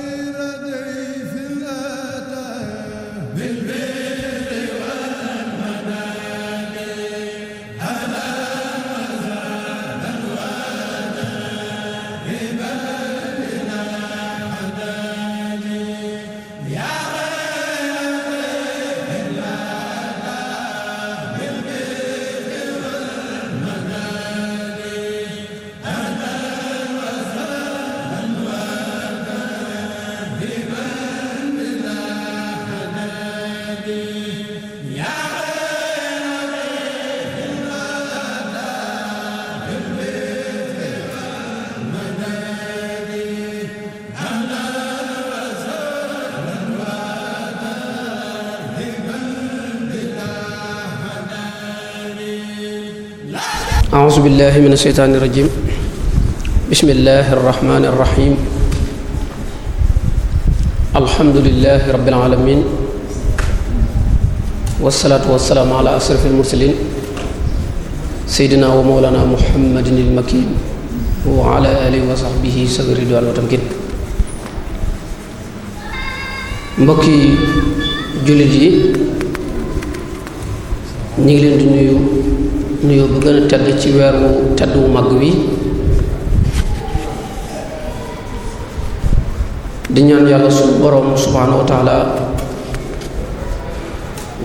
خير دين أعوذ بالله من الشيطان الرجيم بسم الله الرحمن الرحيم الحمد لله رب العالمين والصلاة والسلام على أشرف المرسلين سيدنا ومولانا محمد المكين وعلى آله وصحبه سبيل رضوان وتمكين mbokki jullit yi ñu ngi leen di nuyu nuyoo bu gën a tedd ci weer wu tedd wu mag wi di ñaan yàlla suñu boroom subhaanahu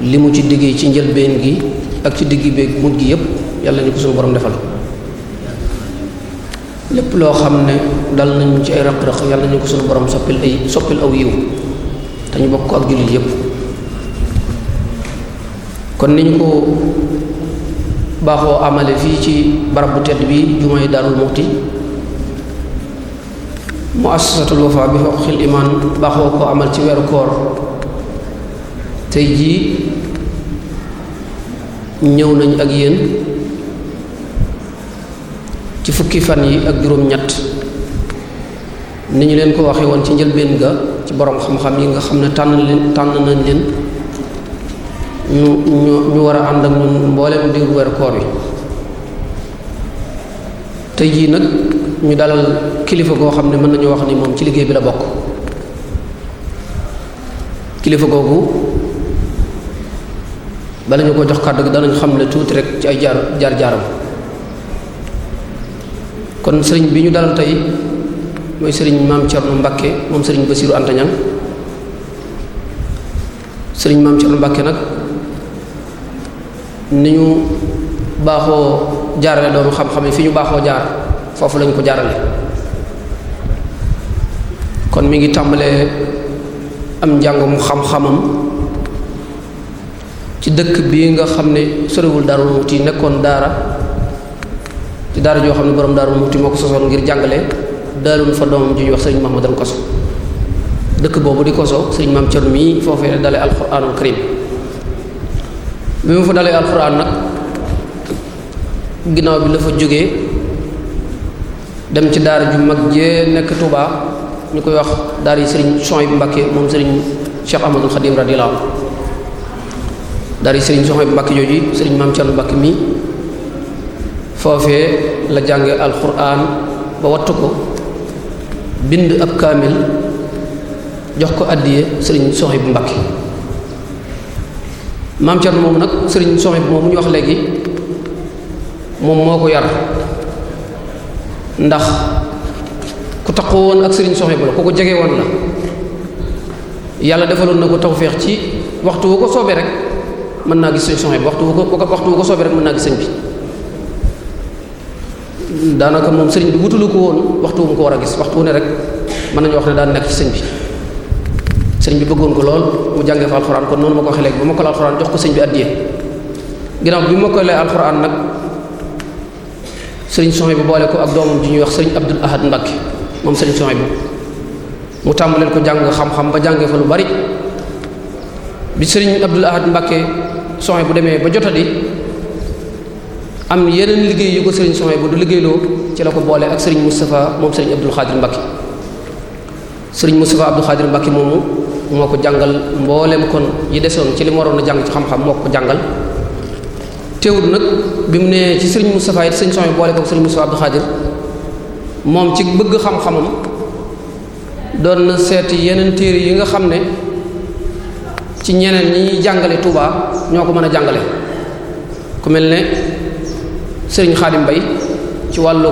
li mu ci digg ci njëlbeen gi ak ci digg beeg mujj gi yépp yàlla ñu ko suñu boroom defal lépp loo xam ne dal nañu ci ay raq-raq yàlla ñu ko suñu boroom soppil ay soppil aw yiw te bokk ko ak jullit yépp kon ni ñu ko baaxoo amale fii ci barab bu tedd bi jumay Daarul Muxti muassasatul Wafa bi xoqil iman baaxoo ko amal ci weeru koor tey jii ñëw nañ ak yéen ci fukki fan yi ak juróom-ñett ni ñu leen ko waxe woon ci njëlbeen ga ci boroom xam-xam yi nga xam ne tànn leen tànn nañ leen ñu ñu war a ànd ak ñun mboolem diir weer koor yi tey jii nag ñu dalal kilifa goo xam ne mën nañu wax ni moom ci liggéey bi la bokk kilifa googu bala ñu ko jox kàddu gi danañ xam ne tuuti rek ci ay jaar jaar jaaram kon sëriñ bi ñu dalal tey mooy sëriñ maam Thierno Mbakke moom sëriñ Bassirou Anta Niang sëriñ maam Thierno Mbakke nag ni ñu baaxoo jaarale doomu xam-xam yi fi ñu baaxoo jaar foofu lañu ko jaarale kon mi ngi tàmbalee am njàng mu xam-xamam ci dëkk bii nga xam ne sorewul Darou Moukhty nekkoon daara ci daara joo xam ne borom Darou Moukhty moo ko sosoon ngir jàngale daaloon fa doomam ju ñuy wax sëriñ Mahamadan Koso dëkk boobu di Koso sëriñ Maam Cerno mii foofee dale alquranul karim bi mu fa dalee alxuraan nag ginnaaw bi dafa jógee dem ci daar ju mag jee nekk Touba ñu koy wax daar yi sëriñ Souhaïbou Mbacké moom sëriñ Cheikh Ahmadou Khadim radiyallahu anhu daara yi sëriñ Souhaïbou Mbacké jooju mi foofee la jànge alxuraan ba wattu ko bind ab kaamil jox ko àddiye sëriñ Souhaïbou Mbacké maam Cerno moomu nag sëriñ Soxna bi moom mu ñu wax léegi moom moo ko yar ndax ku taqoo woon ak sëriñ Soxna bi la ku ko jege woon la yàlla defaloon na ko tawféex ci waxtu wu ko soobee rek mën naa gis sëriñ Soxna bi waxtu wu ko waxtu mën naa gis sëñ bi daanaka moom sëriñ bi wutalu ko woon waxtu wu mu ko war a gis waxtu wu ne rek mën nañu wax ne daan nekk ci sëñ bi sëriñ bi bëggoon ko lool mu jàngee fa alxuraan kon noonu ma ko waxee léegi ma ko la alxuraan jox ko sëñ bi àddiyee ginnaaw bi ma ko lee alxuraan nag sëriñ soxna bi boole ko ak doom ji ñuy wax sëriñ Abdul Ahad Mbakke moom sëriñ soxna bi mu tàmbaleel ko jàng xam ba jàngee fa lu bari bi sëriñ Abdul Ahad Mbakke bu demee ba jotadi am yeneen liggéey yu ko sëriñ soxna bu liggéeyloo ci la ko boole ak sëriñ Moustapha moom sëriñ Abdul Xaadir Mbakke sëriñ Moustapha Abdul Xaadir Mbakke moomu. moo ko jàngal mboolem kon yi desoon ci lim mu waroon a jàng ci xam-xam moo ko jàngal teewul nag bi mu nee ci sëriñ Moustapha it sëñ son yi boole ko sëriñ Moustapha Abdou Khadir moom ci bëgg xam-xamam doon na seeti yeneen téere yi nga xam ne ci ñeneen ñi jàngale Touba ñoo ko mën a jàngale ku mel ne sëriñ Xaadim Bay ci wàllu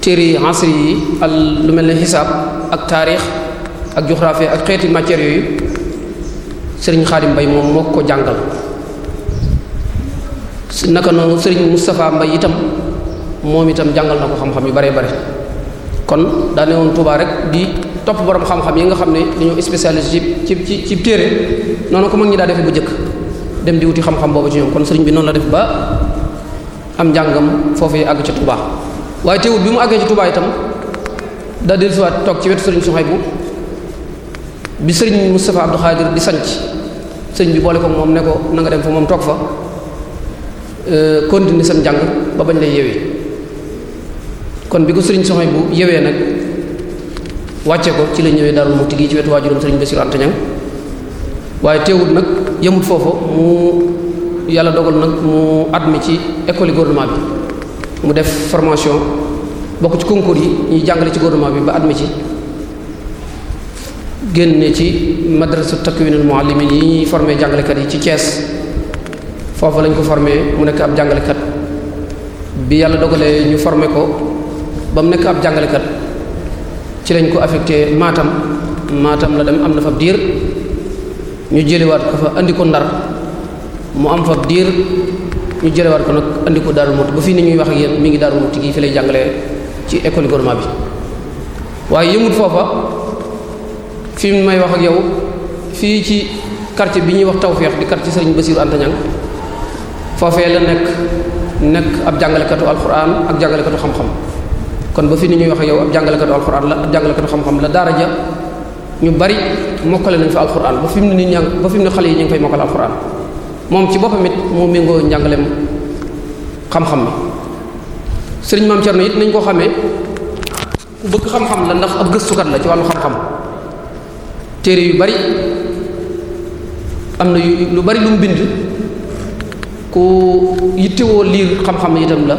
téere yi yi al lu mel ne xisaab ak taarix ak géographie ak xeeti matières yooyu sëriñ Xaadim Mbay moom moo ko jàngal naka noonu sëriñ Moustapha Mbay itam moom itam jàngal na ko xam-xam yu bare bare kon daane woon Tuubaa rek di topp boroom xam-xam yi nga xam ne dañoo spécialisé ci ci ci ci téere noonu ko mag ñi daa defee bu jëkk dem di wuti xam-xam boobu ci ñoom kon sëriñ bi noonu la def ba am njàngam foofu àgg ca Tuubaa waaye teewul bi mu àggee ci Tuubaa itam daa dellusiwaat toog ci wetu sëriñ Suhaybu bi sëriñ Moustapha Abdou Khadir di sanc sëñ bi boole ko moom ne ko na dem fa moom toog fa euh, continuer sam njàng ba bañ lay yewee kon bi ko sëriñ soxna bu yewee nag wàcce ko ci la ñëwee Darou Moukhty gi ci wetu waajuram sëriñ Bassirou Anta Niang waaye teewut nag yemut foofu mu yàlla dogal nag mu admis ci école gouvernement bi mu def formation bokk ci concours yi ñuy jàngale ci gouvernement bi ba admis ci génne ci madrasa takwinul muallimin yi ñuy formé jàngalekat yi ci Thiès foofu lañ ko formé mu nekk ab jàngalekat bi yàlla dogalee ñu formé ko ba mu nekk ab jàngalekat ci lañ ko affecte maatam maatam la dem am na fa diir ñu jëliwaat ko fa andi ko Ndar mu am fa diir ñu jëliwaat ko nag indi ko Darou Moukhty ba fii ni ñuy wax yéen mi ngi Darou Moukhty gi fi lay jàngale ci école gouvernement bi waaye yëmut foofa. fi mu may wax ak yow fii ci quartier bi ñuy wax Tawfeex di quartier ci Bassirou Anta Niang foofee la nekk nekk ab jàngalekatu alxuraan ak jàngalekatu xam-xam kon ba fi ni ñuy wax ak yow ab jàngalekatu alxuraan la ab jàngalekatu xam-xam la daara ja ñu bari mokkale nañ fa alxuraan ba fi mu ne nii ña ba fi mu ne xale yi ñu ngi fay mokkal alxuraan moom ci boppam it moo méngoo njàngaleem xam-xam bi Serigne Mame Thierno it nañ ko xamee ku bëgg xam-xam la ndax ab gëstukat la ci wàllu téere yu bari am na yu lu bari lu mu bind ku yittewoo liir xam-xam itam la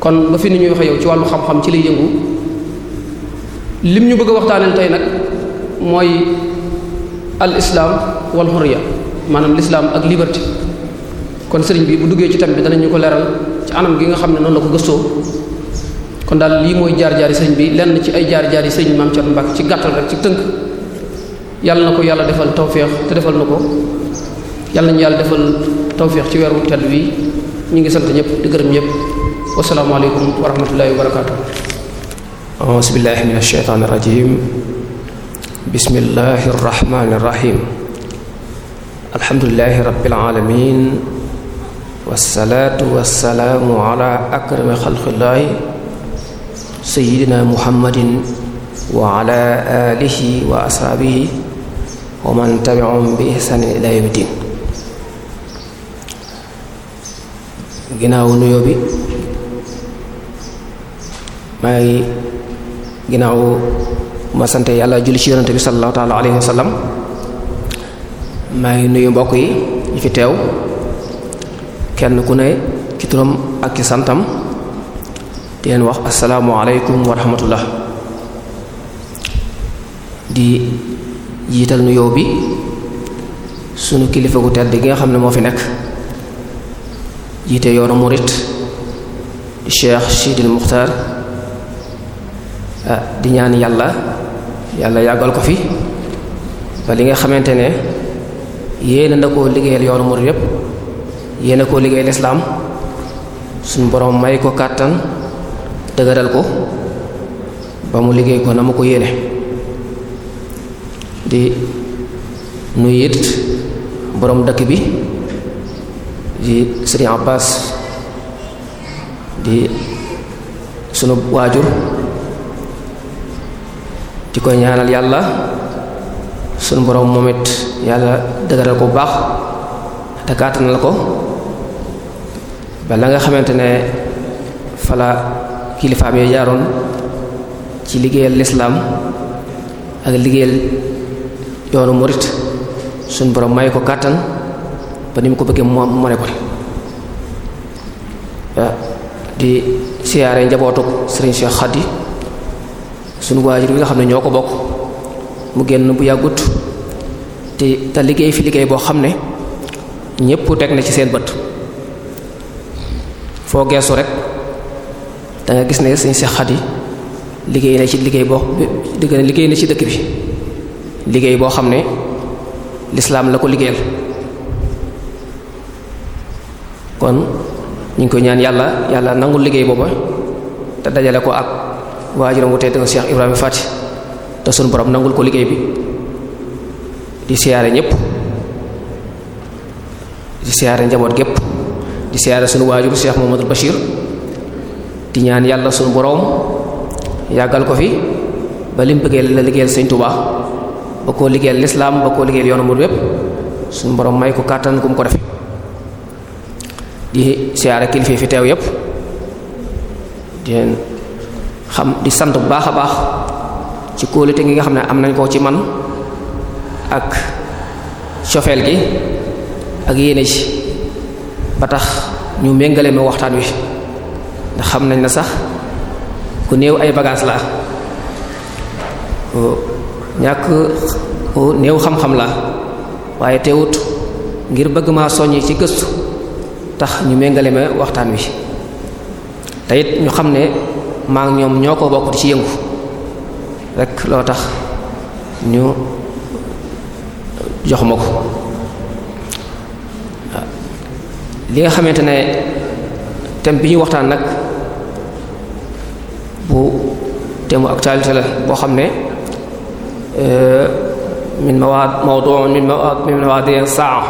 kon ba fi ni ñuy waxe yow ci wàllu xam-xam ci lay yëngu lim ñu bëgg a waxtaanee tey nag mooy al islaam wal hurriya maanaam l'islaam ak liberté kon sëriñ bi bu duggee ci thème bi dana ñu ko leral ci anam gi nga xam ne noonu la ko gëstoo kon daal lii mooy jaar-jaari sëriñ bi lenn ci ay jaar-jaari sëriñ maam Cerno Mbàkke ci gàttal rek ci tënk yàlla na ko yàlla defal tawféex te defal na ko yàlla nañu defal tawféex ci weeru tedd wi ñu ngi sant ñëpp di gërëm ñëpp wasalaamaaleykum wa rahmatullahi wa barakaatu. auzu billahi mina shaytaani rajiim bismillahi rahmaani ala akrami xalqillahi sayyidina muhammadin wa ala alihi wa ashaabihi wa man bi ihsanin ila yawmi din ginnaaw nuyoo bi maa ngi ginnaaw sant yàlla julli ci yonante bi sallallahu taala alayhi wa maa ngi nuyu mbokk yi ñu fi teew kenn ku ne ci turam ak ci santam di leen wax asalaamualeykum wa rahmatullah di jiital nu yow bi sunu kilifa gu tedd gi nga xam ne moo fi nekk jiite yoonu morit di Cheikh Sidil Muxtaar ah, di ñaan yàlla yàlla yàggal ko fi ba li nga xamante ne yéena na koo liggéeyal yoonu murit yépp yéena koo liggéeyal islaam suñu boroom may ko kàttan dëgëral ko ba mu liggéey ko na mu ko yéene di nuyu boroom dëkk bi di Sëriñ Abbas di sunu waajur di koy ñaanal yàlla sunu boroom moom it yàlla dëgëral ko bu baax te kàttanal ko ba la nga xamante ne fala kilifaam yooyu jaaroon ci liggéeyal lislaam ak liggéeyal yoonu murit suñ borom may ko kàttan ba ni mu ko bëggee mu mane ko di siyaare njabootu Serigne Cheikh Khady suñu waajur bi nga xam ne ñoo ko bokk mu génn bu yàggut te te liggéey fi liggéey boo xam ne ñépp teg na ci seen bët foo geesu rek danga gis ne Serigne Cheikh Khady liggéey na ci liggéey boo liggéey na ci dëkk bi liggéey boo xam ne lislaam la ko liggéeyal kon ñu ngi koy ñaan yàlla yàlla nangul liggéey booba te dajale ko ak waajuram wu tedd nga Cheikh Ibrahima Fati te sunu borom nangul ko liggéey bi di siyaare ñépp di siyaare njaboot gépp di siyaare sunu waajur Cheikh Mouhamadou Bachir di ñaan yàlla sunu borom yàggal ko fi ba lim bëggee la liggéeyal Sëriñ Tuubaa ba koo liggéeyal lislaam ba koo liggéeyal yoonu yépp suñu borom may ko kàttan gu mu ko defe di siyaare kilifa fi teew yépp di xam di sant bu baax a baax ci kóolute gi nga xam ne am nañ koo ci man ak cofeel gi ak yéene ci ba tax ñu méngale ma waxtaan wi ndax xam nañ na sax ku néew ay bagages la ñàkk néew xam-xam la waaye teewut ngir bëgg maa soññi ci gëstu tax ñu méngale ma waxtaan wi te ñu xam ne maa ñoom ñoo ko bokk di ci yëngu rek loo tax ñu jox ma ko li nga xamante ne thème bi ñu waxtaan nag bu thème mu la boo xam ne min mawaad mawduu min mawaad min mawaadi saa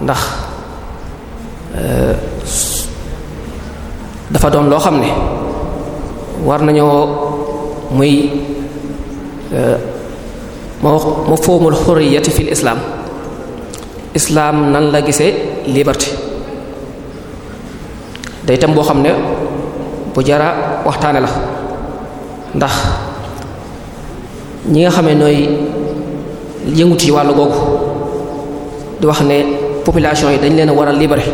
ndax dafa doon loo xam ne war nañoo muy ma ma foomul xuriyati fil islaam islaam nan la gisee liberté day tam boo xam ne bu jara waxtaane la ndax ñi nga xamee nooy yëngut ci wàllu googu di wax ne population yi dañ leen a war a libéré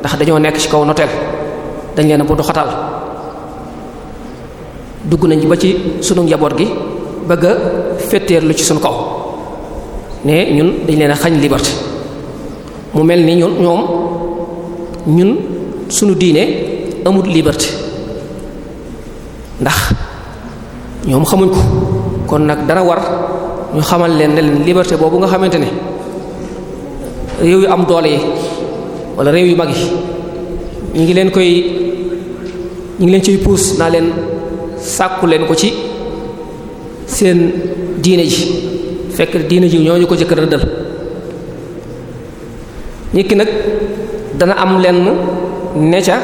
ndax dañoo nekk ci kaw noteel dañ leen a buddu dugg nañ ba ci sunu njaboot gi bëgg a féeteer lu ci sunu kaw ne ñun dañ leen a xañ liberté mu mel ni ñun ñoom ñun sunu diine amul liberté ndax ñoom xamuñ ko kon nag dana war ñu xamal leen ne leen liberté boobu nga xamante ne réew yu am doole yi wala réew yu mag yi ñu ngi leen koy ñu ngi leen ciy puus naa leen sàkku leen ko ci seen diine ji fekk diine ji ñoo ñu ko jëkk rëddal nit ki nag dana am leen lenn neca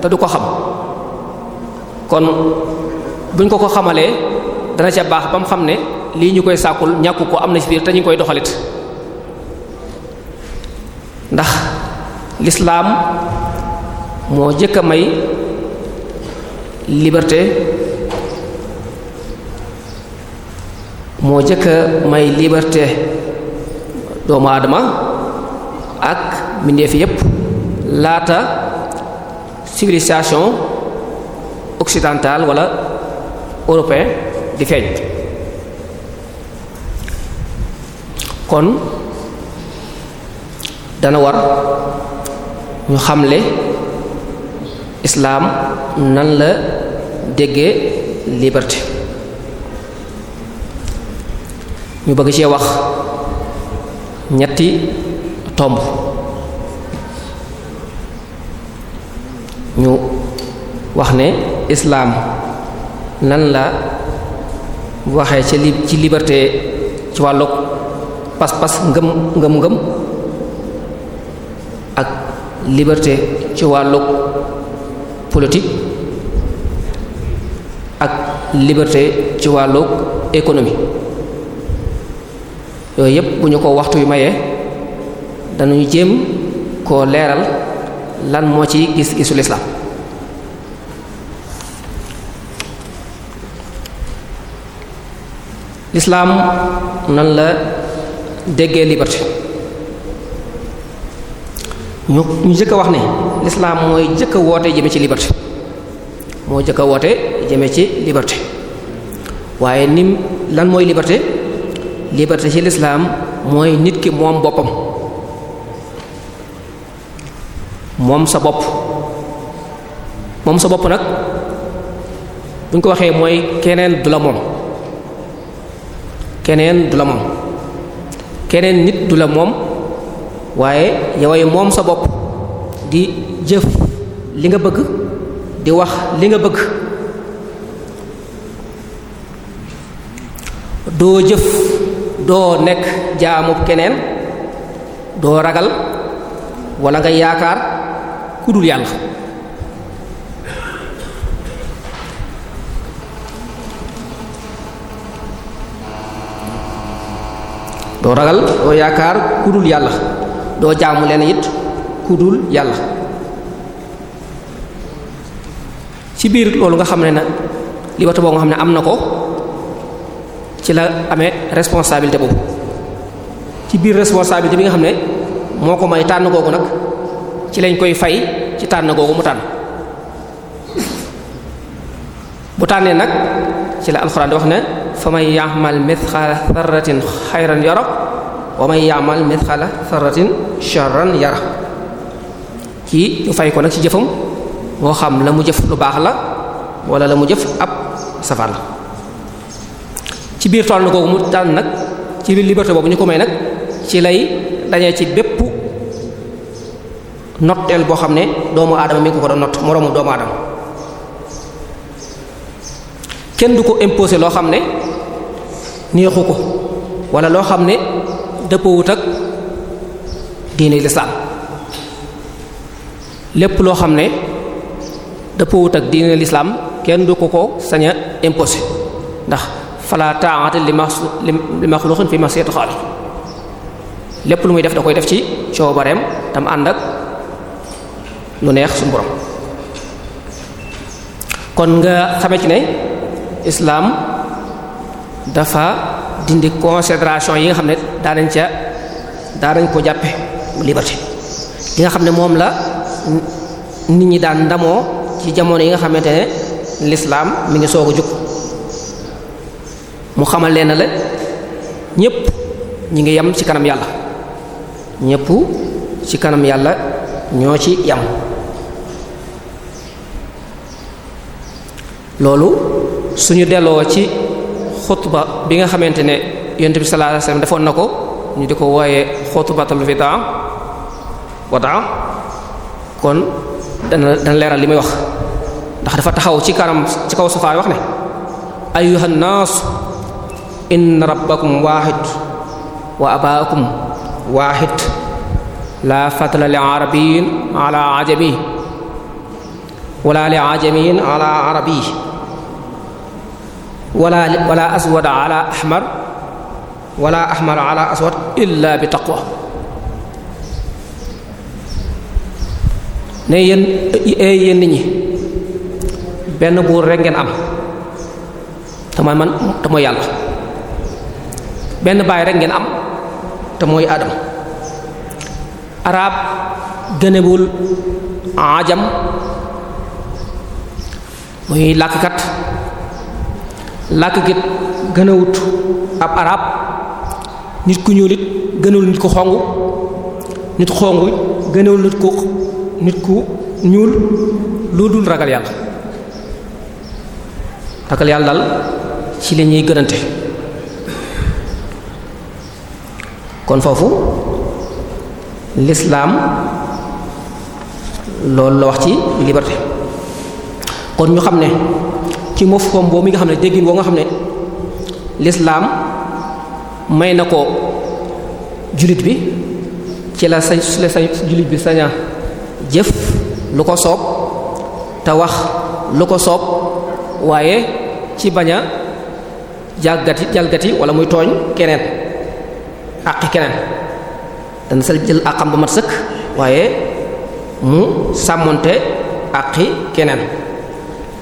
te du ko xam kon buñ ko ko xamalee dana ca baax ba xam ne lii ñu koy sàkkul ñàkk ko am na ci biir te ñu koy doxalit ndax lislaam moo jëkk a may liberté moo jëkk a may liberté doomu aadama ak mbindeef yépp laata civilisation occidentale wala européen di feeñ kon dana war ñu xamle islaam nan la déggee liberté ñu bëgg cee wax ñetti tomb ñu wax ne islaam nan la waxee ci li ci liberté ci wàllug pas-pas ngëm ngëm-ngëm ak liberté ci wàllug politique ak liberté ci wàllug économie yooyu yépp bu ñu ko waxtu yu mayee dañuy jéem koo leeral lan moo ci gis-gisu lislaam lislaam nan la déggee liberté ñu ñu jëkk a wax ne lislaam mooy jëkk a woote jëme ci liberté moo jëkk a woote jëme ci liberté waaye nim lan mooy liberté liberté ci lislaam mooy nit ki moom boppam moom sa bopp moom sa bopp nag bu ñu ko waxee mooy keneen du la moom keneen du la moom keneen nit du la moom waaye yoway moom sa bopp di jëf li nga bëgg di wax li nga bëgg doo jëf doo nekk jaamu keneen doo ragal wala nga yaakaar ku dul yàlla doo ragal doo yaakaar kudul yàlla doo jaamu leen it kudul yàlla ci biir loolu nga xam ne nag liberté boobu nga xam ne am na ko ci la ame responsabilité boobu ci biir responsabilité bi nga xam ne moo ko may tànn googu nag ci lañ koy fay ci tànn googu mu tànn bu tànnee nag ci la alxuraan di wax ne fa man ya'mal mithqala dharratin xayran yara wa man ya'mal mithqala dharratin sharran yara kii ñu fay ko nag ci jëfam moo xam la mu jëf lu baax la wala la mu jëf ab safar la ci biir toll googu mu tànn nag ci biir liberté boobu ñu ko may nag ci lay dañee ci bépp notteel boo xam ne doomu aadama mi ngi ko ko doon not moroomu doomu aadama kenn du ko imposer loo xam ne neexu ko wala loo xam ne dëppawut ak diine lislaam lépp loo xam ne dëppawut ak diine lislaam kenn du ko ko saña a ndax fala ta'ata li makhluqin fi ma'siyati khaliq lépp lu muy def da koy def ci coobareem tam ànd ak lu neex suñu borom kon nga xamee ne islaam dafa dindi considération yi nga xam ne daanañ ca dañ ko jàppe liberté li nga xam ne moom la nit ñi daan ndamoo ci jamono yi nga xamante ne lislaam mi ngi soog a jóg mu xamal leen la ñépp ñi ngi yem ci kanam yàlla ñépp ci kanam yàlla ñoo ci yam loolu suñu delloo ci xutba bi nga xamante ne yonent bi sallallahu defoon na ko ñu di ko wooyee xutbatul wada wada kon dana dana leeral li muy wax ndax dafa taxaw ci kanam ci kaw safaan wax ne ayyuhan inna rabbakum waahid wa abaakum waahid laa fadla li arabiyyin ala ajami wala wala wala aswada ala ahmar wala ahmar ala aswad illa bi taqwa ne yéen e yéen nit ñi benn buur rek ngeen am te mooy yàlla benn baay rek ngeen am te mooy aadama arab gënewul ajam muy làkkat làkk gi gën a ab arab nit ku ñuul it gënul nit ku xong nit xong gënul nit ku nit ku ñuul lu dul ragal yàlla ragal yàlla daal ci la ñuy gënante kon foofu lislaam loolu la wax ci liberté kon ñu xam ne ci mafhum boobu mi nga xam ne déggin woo nga xam ne lislaam may na ko jullit bi ci la sañ la sañ jullit bi saña jëf lu ko soob te wax lu ko soob waaye ci bañ a jàlgati jàlgati wala muy tooñ keneen àqi keneen dana sa jël àqam ba mat sëkk waaye mu sàmmonte àqi keneen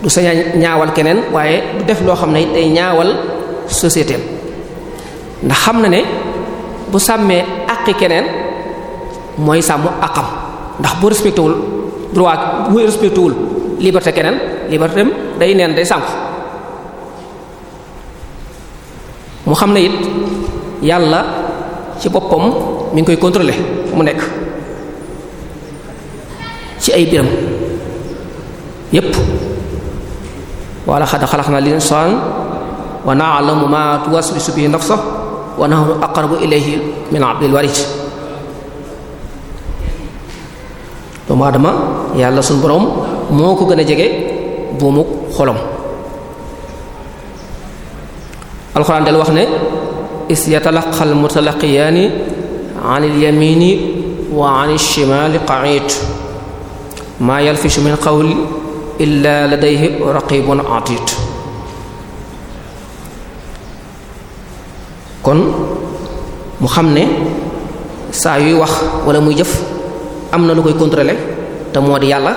du sa ñaawal keneen waaye du def loo xam ne day ñaawal société ndax xam na ne bu sàmmee àqi keneen mooy sàmm àqam ndax bu respecté wul droit bu respecté liberté keneen liberté day neen day sànku mu xam na it yàlla ci boppam mu ngi koy contrôler mu nekk ci ay biram yépp wala xad xalaqna l insaan wa na'lamu ma tuwaswisu bihi nafsuhu wa nahnu aqrabu ilayhi min hablil warid doomu adama yàlla suñ boroom moo ko gën a jege buumu xolom alxuraan del wax ne is yatalaqal mutalaqiyaani an ilyamini wa an ishimali qa'id maa yalfisu min qawli illaa ladayhi raqibun atid kon mu xam ne saa yuy wax wala muy jëf am na lu koy contrôler te moo di yàlla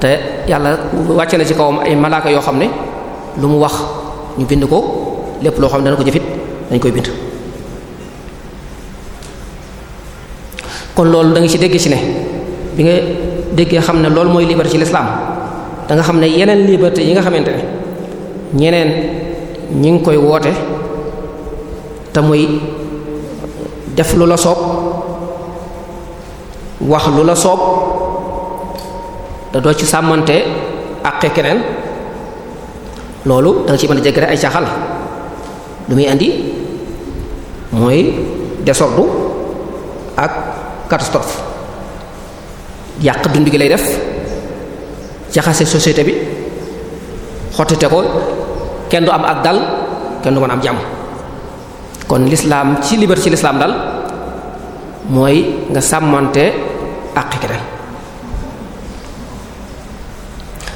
te yàlla wàcce na ci kawam ay malaaka yoo xam ne lu mu wax ñu bind ko lépp loo xam ne dana ko jëfit dañ koy bind kon loolu da ci déggee ci ne bi nga déggee xam ne loolu mooy liberté ci l'islam danga xam ne yeneen liberté yi nga xamante ne ñeneen ñi ngi koy woote te muy def lu la soob wax lu la soob da doo ci sàmmante ak keneen loolu da nga ci mën a jégg ay caaxal lu muy indi mooy désordre ak catastrophe yàq dund gi lay def jaxase société bi xottite ko kenn du am ak dal kenn du mën am jàmm kon lislaam ci liberté ci lislaam dal mooy nga sàmmante àq keneen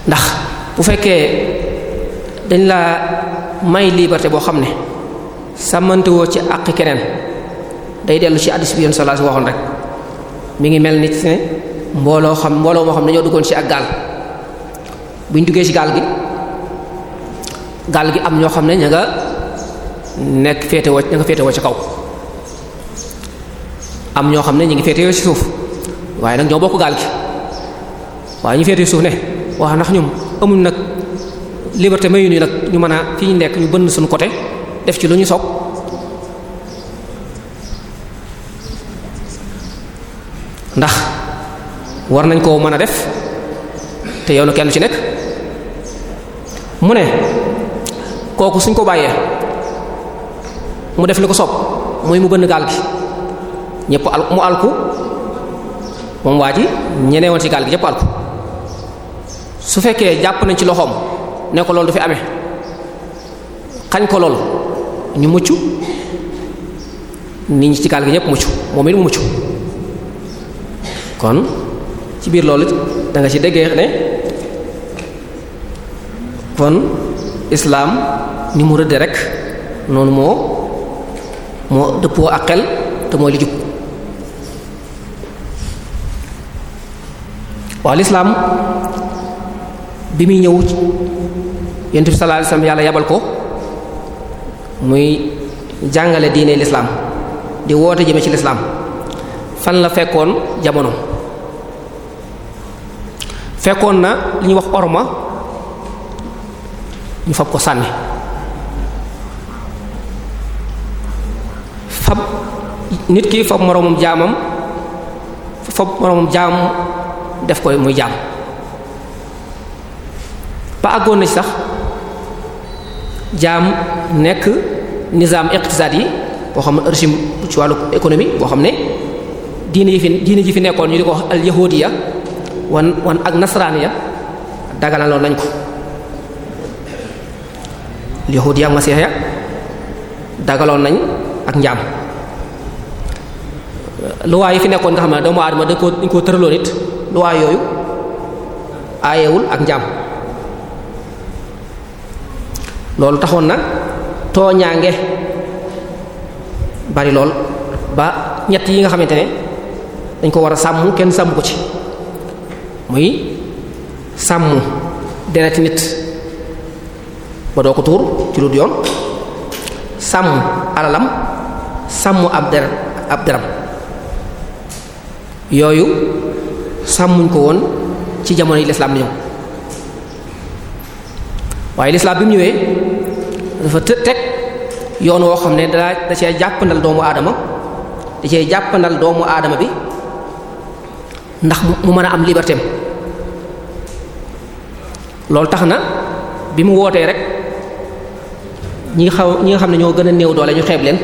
ndax bu fekkee dañ la may liberté boo xam ne sàmmantewoo ci àqi keneen day dellu ci addis bi yoon sallallahu alayhi wasallam waxoon rek mi ngi mel ni mbooloo xam mbooloo moo xam ne dañoo duggoon ci ak gaal bu ñu duggee ci gaal gi gaal gi am ñoo xam ne ña nga nekk féetewoo ña ci kaw am ñoo xam ne ñu ngi féetewoo ci suuf waaye nag ñoo bokk gaal gi waaye ñu féetewoo suuf ne waaw ndax ñoom amuñ nag liberté mayuñu nag ñu mën a fi ñu nekk ñu bënn suñ côté def ci lu ñu soog ndax war nañ koo mën a def te yow la kenn ci nekk. mu ne kooku suñ ko bàyyee mu def li ko sopp mooy mu bënn gaal gi ñépp al mu alku moom waa ji ñenee ci gaal gi ñëpp alku su fekkee jàpp nañ ci loxoom ne ko loolu du fi amee xañ ko loolu ñu mucc nit ñi ci gaal gi ñépp mucc moom it mu mucc kon ci biir loolu da nga ci déggee ne kon islaam ni mu rëdd rekk noonu moo moo dëppoo ak te mooy li jub waaw lislaam bi muy ñëw yonent bi sallallahu alayhi yàlla yabal ko muy jàngale diine lislaam di woote jëme ci lislaam fan la fekkoon jamono fekkoon na li ñuy wax oroma ñu fab ko sànni fab nit ki fab moroomum jaamam fab moroomum jaam def koy muy jaam ba àggoon na ci sax jaam nekk nizaam iqtisaad yi boo xam ne régime ci wàllu économie boo xam ne diine yi fi diine ji fi nekkoon ñu di ko wax al yahudiya wan wan ak nasaraan ya loon nañ ko yahuud ya masiix ya dagaloon nañ ak njaam luwaa yi fi nekkoon nga xam ne doomu aadama dañ ko dañ koo tëraloon it luwaa yooyu aayewul ak njaam loolu taxoon na too tooñaange bari lool ba ñett yi nga xamante ne dañ ko war a sàmm kenn sàmm ko ci muy sàmm dereti nit ba doo ko tuur ci lu yoon sàmm alalam sàmm ab der ab deram yooyu sàmmuñ ko woon ci jamono yi lislaam ñëw waaye lislaam bi mu ñëwee dafa të teg yoon woo xam ne daa da jàppandal doomu aadama da cee jàppandal doomu aadama bi ndax mu mën a am liberté loolu tax na bi mu wootee rekk ñi xaw ñi nga xam ne ñoo gën a néew doole ñu xeeb leen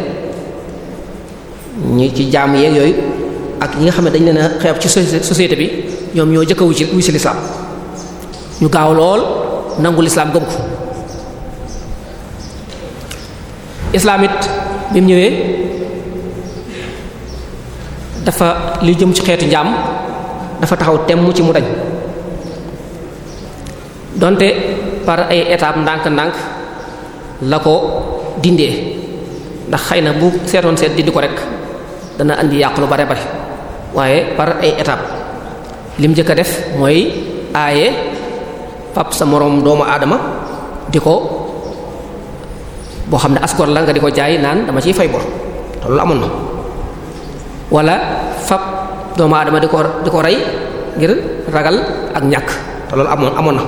ñi ci jàmm yeeg yooyu ak ñi nga xam ne dañ leen a xeeb ci société bi ñoom ñoo jëkk a wusi wusi lislaam ñu gaaw lool nangu lislaam gëm ko islaam bi mu ñëwee dafa li jëm ci xeetu njaam dafa taxaw temm ci mu dañ donte par ay étapes ndànk-ndànk la ko dindee ndax xëy na bu seetoon seet di di ko rek dana andi yàq lu bare bare waaye par ay étape lim njëkk a def mooy aaye fab sa moroom doomu aadama di ko boo xam ne askor la nga di ko jaay naan dama ciy fay bor loolu amoon na wala fab doomu aadama di ko di ko rey ngir ragal ak ñàkk te amoon amoon na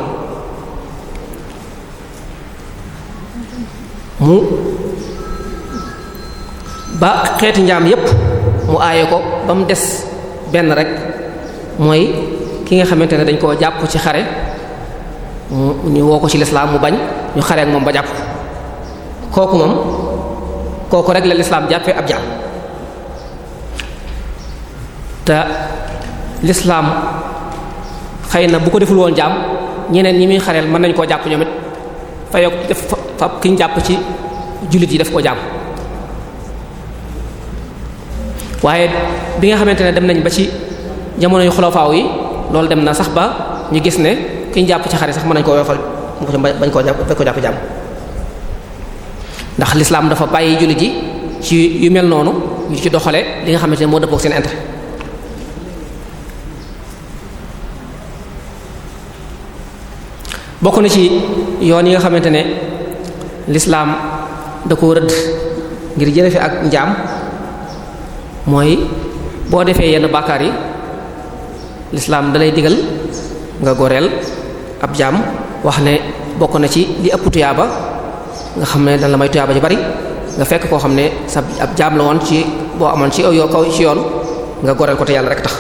mu ba xeeti njaam yépp mu aaye ko ba mu des benn rek mooy ki nga xamante ne dañ koo jàpp ci xare mu ñu woo ko ci lislaam mu bañ ñu xare ak moom ba jàpp ko kooku moom kooku rek la lislaam jàppee ab jaam te lislaam xëy na bu ko deful woon jaam ñeneen ñi muy xareel mën nañ koo jàpp ñoom it fayoo def fab ki ñu jàpp ci jullit yi daf ko jàpp waaye bi nga xamante ne dem nañ ba ci jamono yu yi loolu dem na sax ba ñu gis ne kiñ jàpp ci xare sax mën nañ koo woyofal bañ koo jàpp bañ koo jàpp jàmm ndax lislaam dafa bàyyi jullit yi ci yu mel noonu ñu ci doxale li nga xamante ne moo dëppook seen intérêt bokk na ci yoon yi nga xamante ne lislaam da ko rëdd ngir jële fi ak njaam mooy boo defee yenn bàkkaar yi lislaam dalay digal nga goreel ab jaam wax ne bokk na ci li ëpp tuyaaba nga xam ne dana la may tuyaaba ji bari nga fekk koo xam ne sa ab jaam la woon ci boo amoon ci yoo ci yoon nga goreel ko te yàlla rek tax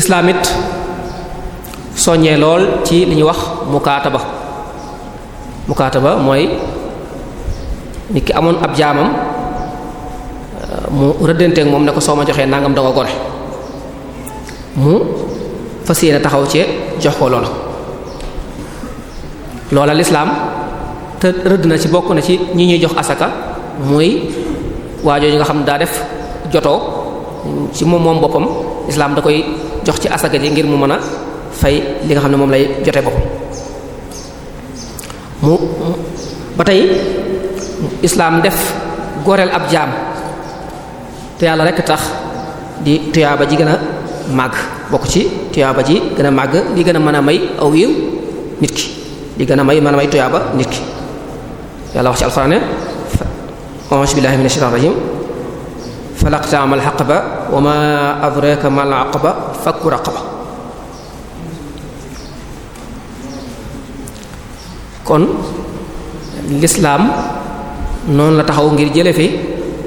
islaamit soññee lool ci li ñuy wax ba mukaataba ba mooy nit ki amoon ab jaamam euh, mu rëddanteek moom ne ko soo ma joxee nangam danga gore mu fas yéene taxaw ci jox ko loola loola lislaam te rëdd na ci bokk na ci ñi ñuy jox asaka muy waajoo yi nga xam daa def jotoo ci moom moom boppam lislaam da koy jox ci asaka ji ngir mu mën a fay li nga xam ne moom lay jote bopp mu ba tey islaam def goreel ab jaam te yàlla rekk tax di tuyaaba ji gën a màgg bokk ci tuyaaba ji gën a màgg li gën a mën a may aw yiw nit ki di gën a may mën a may tuyaaba nit ki yàlla wax ci alxuraan ne a'uuzu billaahi minash shaytaanir rajiim falaqta'amal aqaba wa ma adraaka mal aqaba fakku raqaba kon lislaam noonu la taxaw ngir jële fi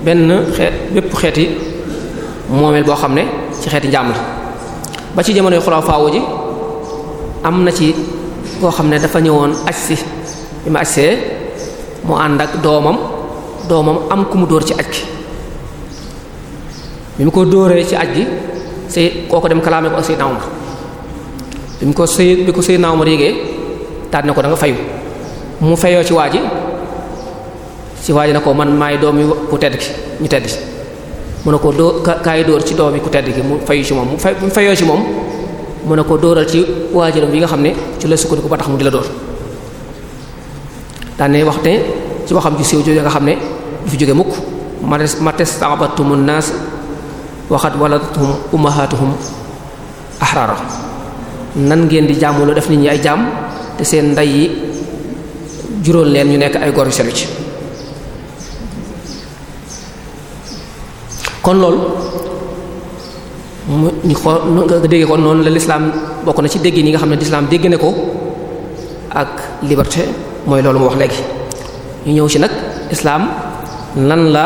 benn xeet bépp xeeti moomeel boo xam ne ci xeeti njaam la ba ci jamonoy xulafaawu ji am na ci koo xam ne dafa ñëwoon aj si bi ma aj see mu ànd ak doomam doomam am ku mu dóor ci aj gi bi mu ko dóoree ci aj gi say kooko dem kalaame ko ak Seydina Umar bi mu ko sëy bi ko Seydina Umar yégee daal ne ko da nga mu feyoo ci waa ji ci waa na ko man maay doom yi ku tedd ki ñu tedd ki mu ne ko doo kaay door ci doom yi ku tedd ki mu fayu ci moom mu mu feyoo ci moom mu ne ko dooral ci waajuram yi nga xam ne ci la ko ba tax mu di la dóor daane wax ne ci waxam ju siiw jooju nga xam ne du fi jóge mukk matesta'badtumu nnaas waxat waladathum ummahatuhum ahrara nan ngeen di jaamuloo def nit ñi ay jaam te seen ndey yi juróon leen ñu nekk ay gor yu selu ci kon loolu mu ñu xool nga déggee kon noonu la lislaam bokk na ci dégg yi nga xam ne lislaam dégg ne ko ak liberté mooy loolu mu wax léegi ñu ñëw si nag islaam lan la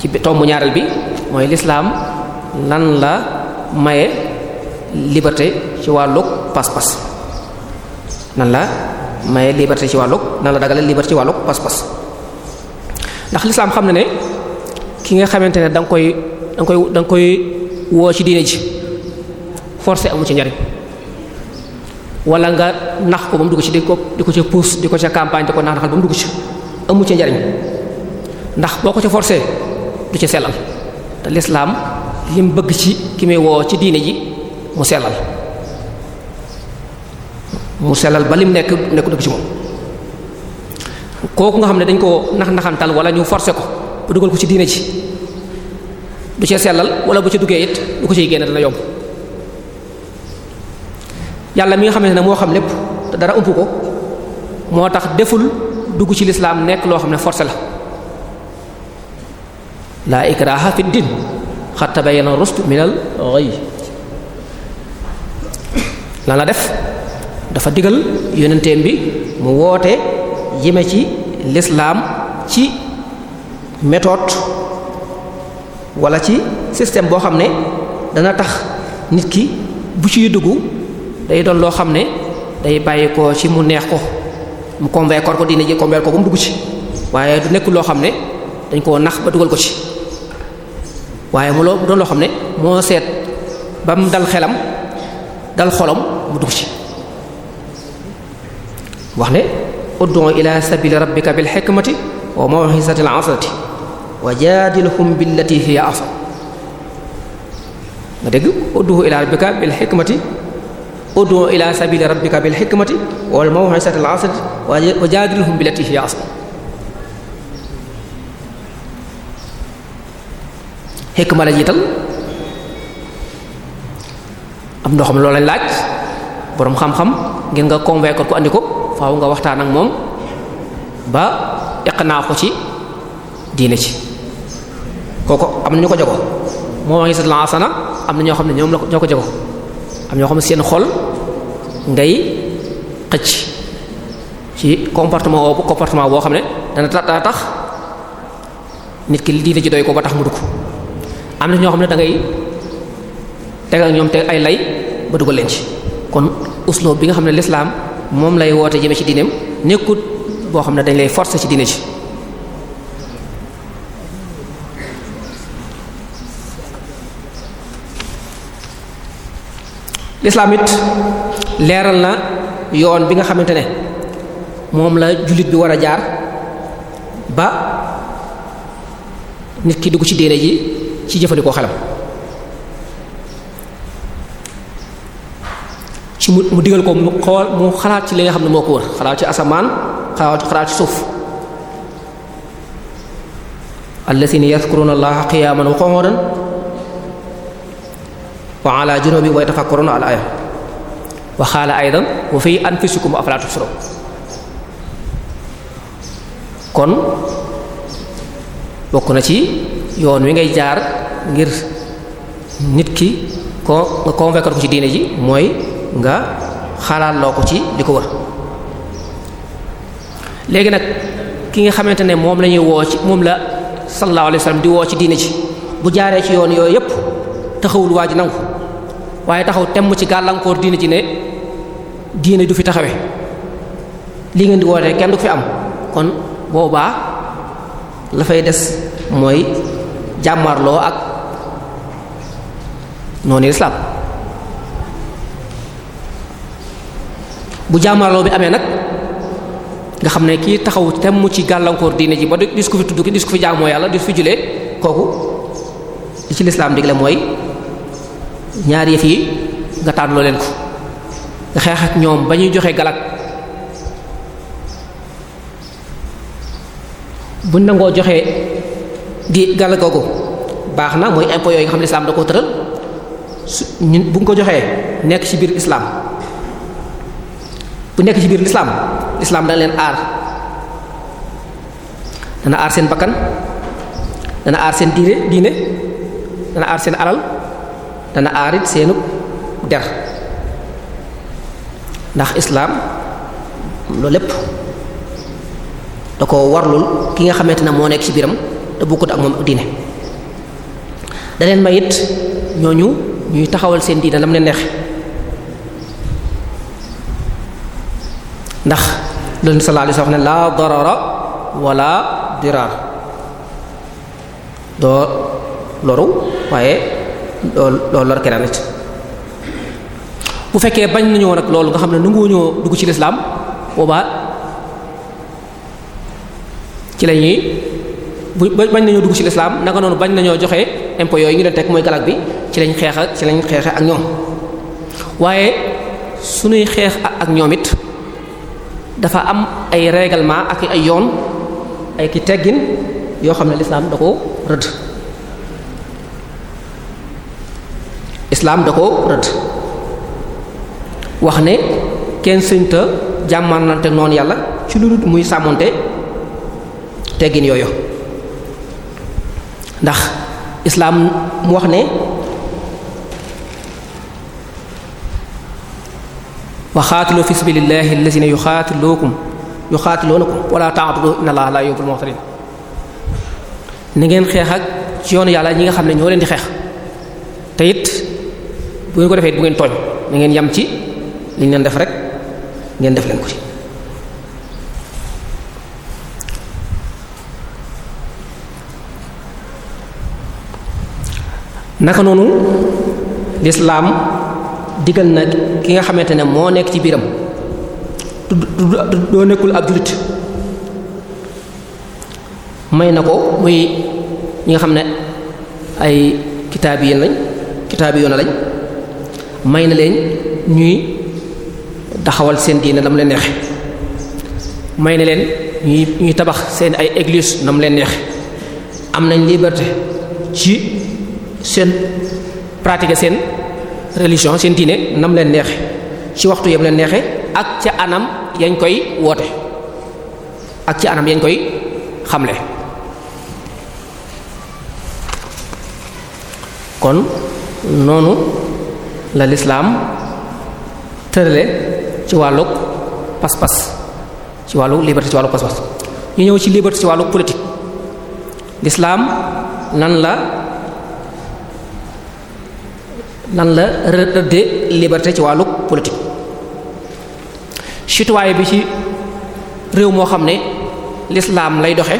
ci tombu ñaareel bi mooy lislaam lan la maye liberté ci wàllu pas-pas nan la maye liberté ci wàllug dana la dagale liberté ci wàllug pas-pas ndax lislaam xam na ne ki nga xamante ne da nga koy da koy da nga koy woo ci diine ji forcé amu ci njariñ wala nga nax ko ba mu dugg ci di ko di ko ca pousse di ko ca campagne di ko nax naxal ba mu dugg ci amu ci njariñ ndax boo ko ca forcé du ci sellal te lislaam lim bëgg ci ki muy woo ci diine ji mu sellal mu sellal ba lim nekk nekku dëgg ci moom kooku nga xam ne dañ koo nax naxantal wala ñu forcer ko bu dugal ko ci diine ji du cee sellal wala bu ci duggee it du ko ciy génne dana yomb yàlla mi nga xam ne moo xam lépp te dara ump ko moo tax deful dugg ci lislaam nekk loo xam ne forcé la laa ikraha fi din xat tabayyana rusd min al lan la def dafa digal yonenteem bi mu woote yeme ci lislaam ci metod wala ci système boo xam ne dana tax nit ki bu ciy dugg day doon loo xam ne day bàyyi ko ci mu neex ko mu convaincre ko diine ji convaincre ko ba mu dugg ci waaye du nekk loo xam ne dañ koo nax ba dugal ko ci waaye mu loo doon loo xam ne moo seet ba mu dal xelam dal xolam mu dugg ci wax ne ud'u ila sabili rabbika bil hikmati wa maw'izati al hasati wa jadilhum billati hiya ahsan nga dégg ud'u ila rabbika rabbika bil hikmati wal maw'izati al hasati wa jadilhum billati hiya la jiital am ndoxam loolu lañ laaj boroom xam-xam ngir nga convaincre ku andi ko faaw nga waxtaan ak moom ba naa ko ci diine ci kooku am na ñu ko jago moo ngi sat laasana am na ñoo xam ne ñoom la ñoo ko jago am ñoo xam ne seen xol ngay xëcc ci comportement comportement boo xam ne dana dana tax nit ki li diine ci doy ko ba tax mu dugg am na ñoo xam ne dangay ngay tegal ñoom te ay lay ba dugal leen ci kon usloo bi nga xam ne lislaam moom lay woote jëme ci diineem nekkut boo xam ne dañ lay forcer ci diine ci lislaam it leeral na yoon bi nga xamante ne moom la jullit bi war a jaar ba nit ki dugg ci diine ji ci jëfandikoo xelam ci mu mu digal ko mu xalaat ci li nga xam ne moo ko wër xalaat ci asamaan xalaat xalaat ci suuf alladhina yadhkuruna allaha qiyaman wa qu'udan wa ala junubihim wa yatafakkaruna al wa qala aidan wa fi anfusikum afala tubsirun kon bokk na ci yoon wi ngay jaar ngir nit ki ko nga convaincre ko ci diine ji mooy nga xalaat loo ko ci di ko wër léegi nag ki nga xamante ne moom lañuy woo ci moom la sallallahu alayhi wasallam di woo ci diine ci bu jaaree ci yoon yooyu yépp taxawul waa ji nangu waaye taxaw temm ci gàllankoor diine ci ne diine du fi taxawe li ngeen di wootee kenn du fi am kon boobaa la fay des mooy jàmmarloo ak noonu lislaam bu jaamarloo bi amee nag nga xam ne kii taxaw temm ci gàllankoor diine ji ba dis ko fi tudd ki dis ko fi jaamoo yàlla dis fi julee kooku li ci lislaam digle mooy ñaar yëf yi nga tànnloo leen ko nga xeex ak ñoom ba ñuy joxe galak bu nangoo joxe di galak googu baax na mooy impôt yooyu nga xam ne lislaam da koo tëral su ñu bu nga ko joxee nekk ci biir islam bu nekk ci biir lislaam lislaam dana leen aar dana aar seen bakkan dana aar seen diine diine dana aar seen alal dana aar it seenu der ndax islaam loolu lépp da ko warlul ki nga xamante ne moo nekk ci biiram te bokkut ak moom diine da leen may it ñooñu ñuy taxawal seen diine lam leen neex ndax loolu sallallahu ne laa darara wala diraar doo loru waaye doo doo lor keneen bu fekkee bañ nañoo nag loolu nga xam ne nanguwu ñoo dugg ci lislaam boobaa ci la ñuy bu bañ nañoo dugg ci lislaam naka noonu bañ nañoo joxe impôts yooyu ñu leen teg mooy galak bi ci lañ xeex ci lañ xeexe ak ñoom waaye suñuy xeex ak ñoomit dafa am ay règlement ak ay yoon ay ki teggin yoo xam ne lislaam da ko rëdd islaam da ko rëdd wax ne kenn sëñta jàmmanante noonu yàlla ci lu dul muy sàmmoonte teggin yooyu ndax islaam mu wax ne wa xaatiloo fi sabilillahi allazina yuxaatilookum yuxaatiloonakum wala ta'tadu inna allaha la yuhibbul mu'tadin na ngeen xeex ak ci yoonu yàlla ñi nga xam ne ñoo leen di xeex te it bu ngeen ko defee bu ngeen tooñ na ngeen yam ci li ñu leen def rek ngeen def leen ko ci naka noonu lislaam digal na ki nga xamante ne moo nekk ci biiram doo nekkul ab jullit may na ko muy ñi nga xam ne ay kitaab yi lañ kitaab yi yoon lañ may na leen ñuy taxawal seen diine dam leen neexe may na leen ñuy ñuy tabax seen ay église na mu leen neex am nañ liberté ci seen pratiquer seen religion seen diine nam leen neexe ci waxtu yam leen neexe ak ca anam yañ koy woote ak ca anam yañ koy xamle kon noonu la lislaam tërale ci wàllug pas-pas ci wàllu liberté ci wàllu pas-pas ñu ñëw ci liberté ci wàllu politique lislaam lan la nan la rëddee liberté ci wàllu politique citoyen bi ci réew moo xam ne lislaam lay doxe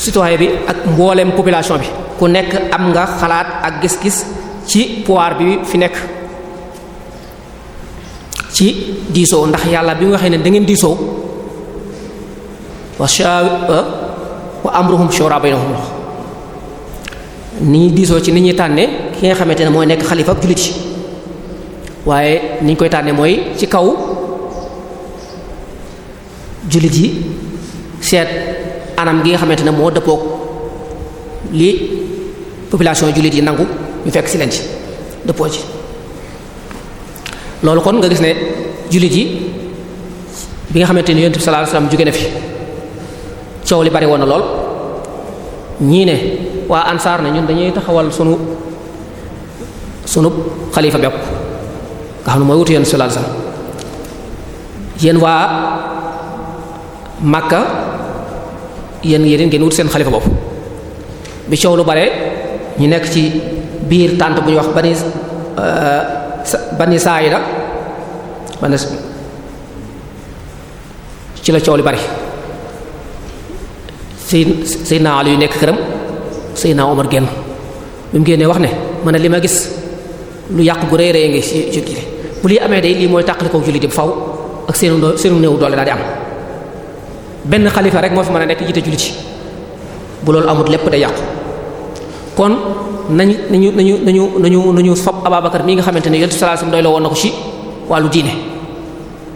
citoyen bi ak mbooleem population bi ku nekk am nga xalaat ak gis-gis ci pouvoir bi fi nekk ci diisoo ndax yàlla bi nga waxee ne da ngeen diisoo wa amruhum shura baynahum ni diisoo ci ni ñuy tànnee ki nga xamante ne mooy nekk xalifa ak jullit yi waaye ni ñu koy tànnee mooy ci kaw jullit yi seet anam gi nga xamante ne moo dëppook li population jullit yi nangu ñu fekk si leen ci dëppoo ci loolu kon nga gis ne jullit yi bi nga xamante ne yonent bi sallallahu alayhi wasallam jóge fi coow li bari woon na lool ñii ne waa ansaar ne ñun dañuy taxawal sunu sunu xalifa bepp nga xam ne mooy wutu yéen sallallahu alayhi wasallam yéen waa Makka yéen yéen ngeen wut seen xalifa bopp bi coow lu bare ñu nekk ci biir tànt bu ñuy wax bani euh, bani saayida bani ci la coow lu bare Seydina Ali yu nekk këram Seydina Omar génn bi mu génnee wax ne man li ma gis lu yàq gu rëy rëy ngi ci jullit yi bu lii amee day lii mooy tàqalikoo jullit yi bu faw ak seen seenu néew doole daal di am benn xalifa rek moo fi mën a nekk jiite jullit yi bu loolu amut lépp day yàqu kon nañu nañu nañu nañu nañu nañu fab Ababakar mii nga xamante ne yonent sallallahu alayhi wasallam doy la woon na ko ci wàllu diine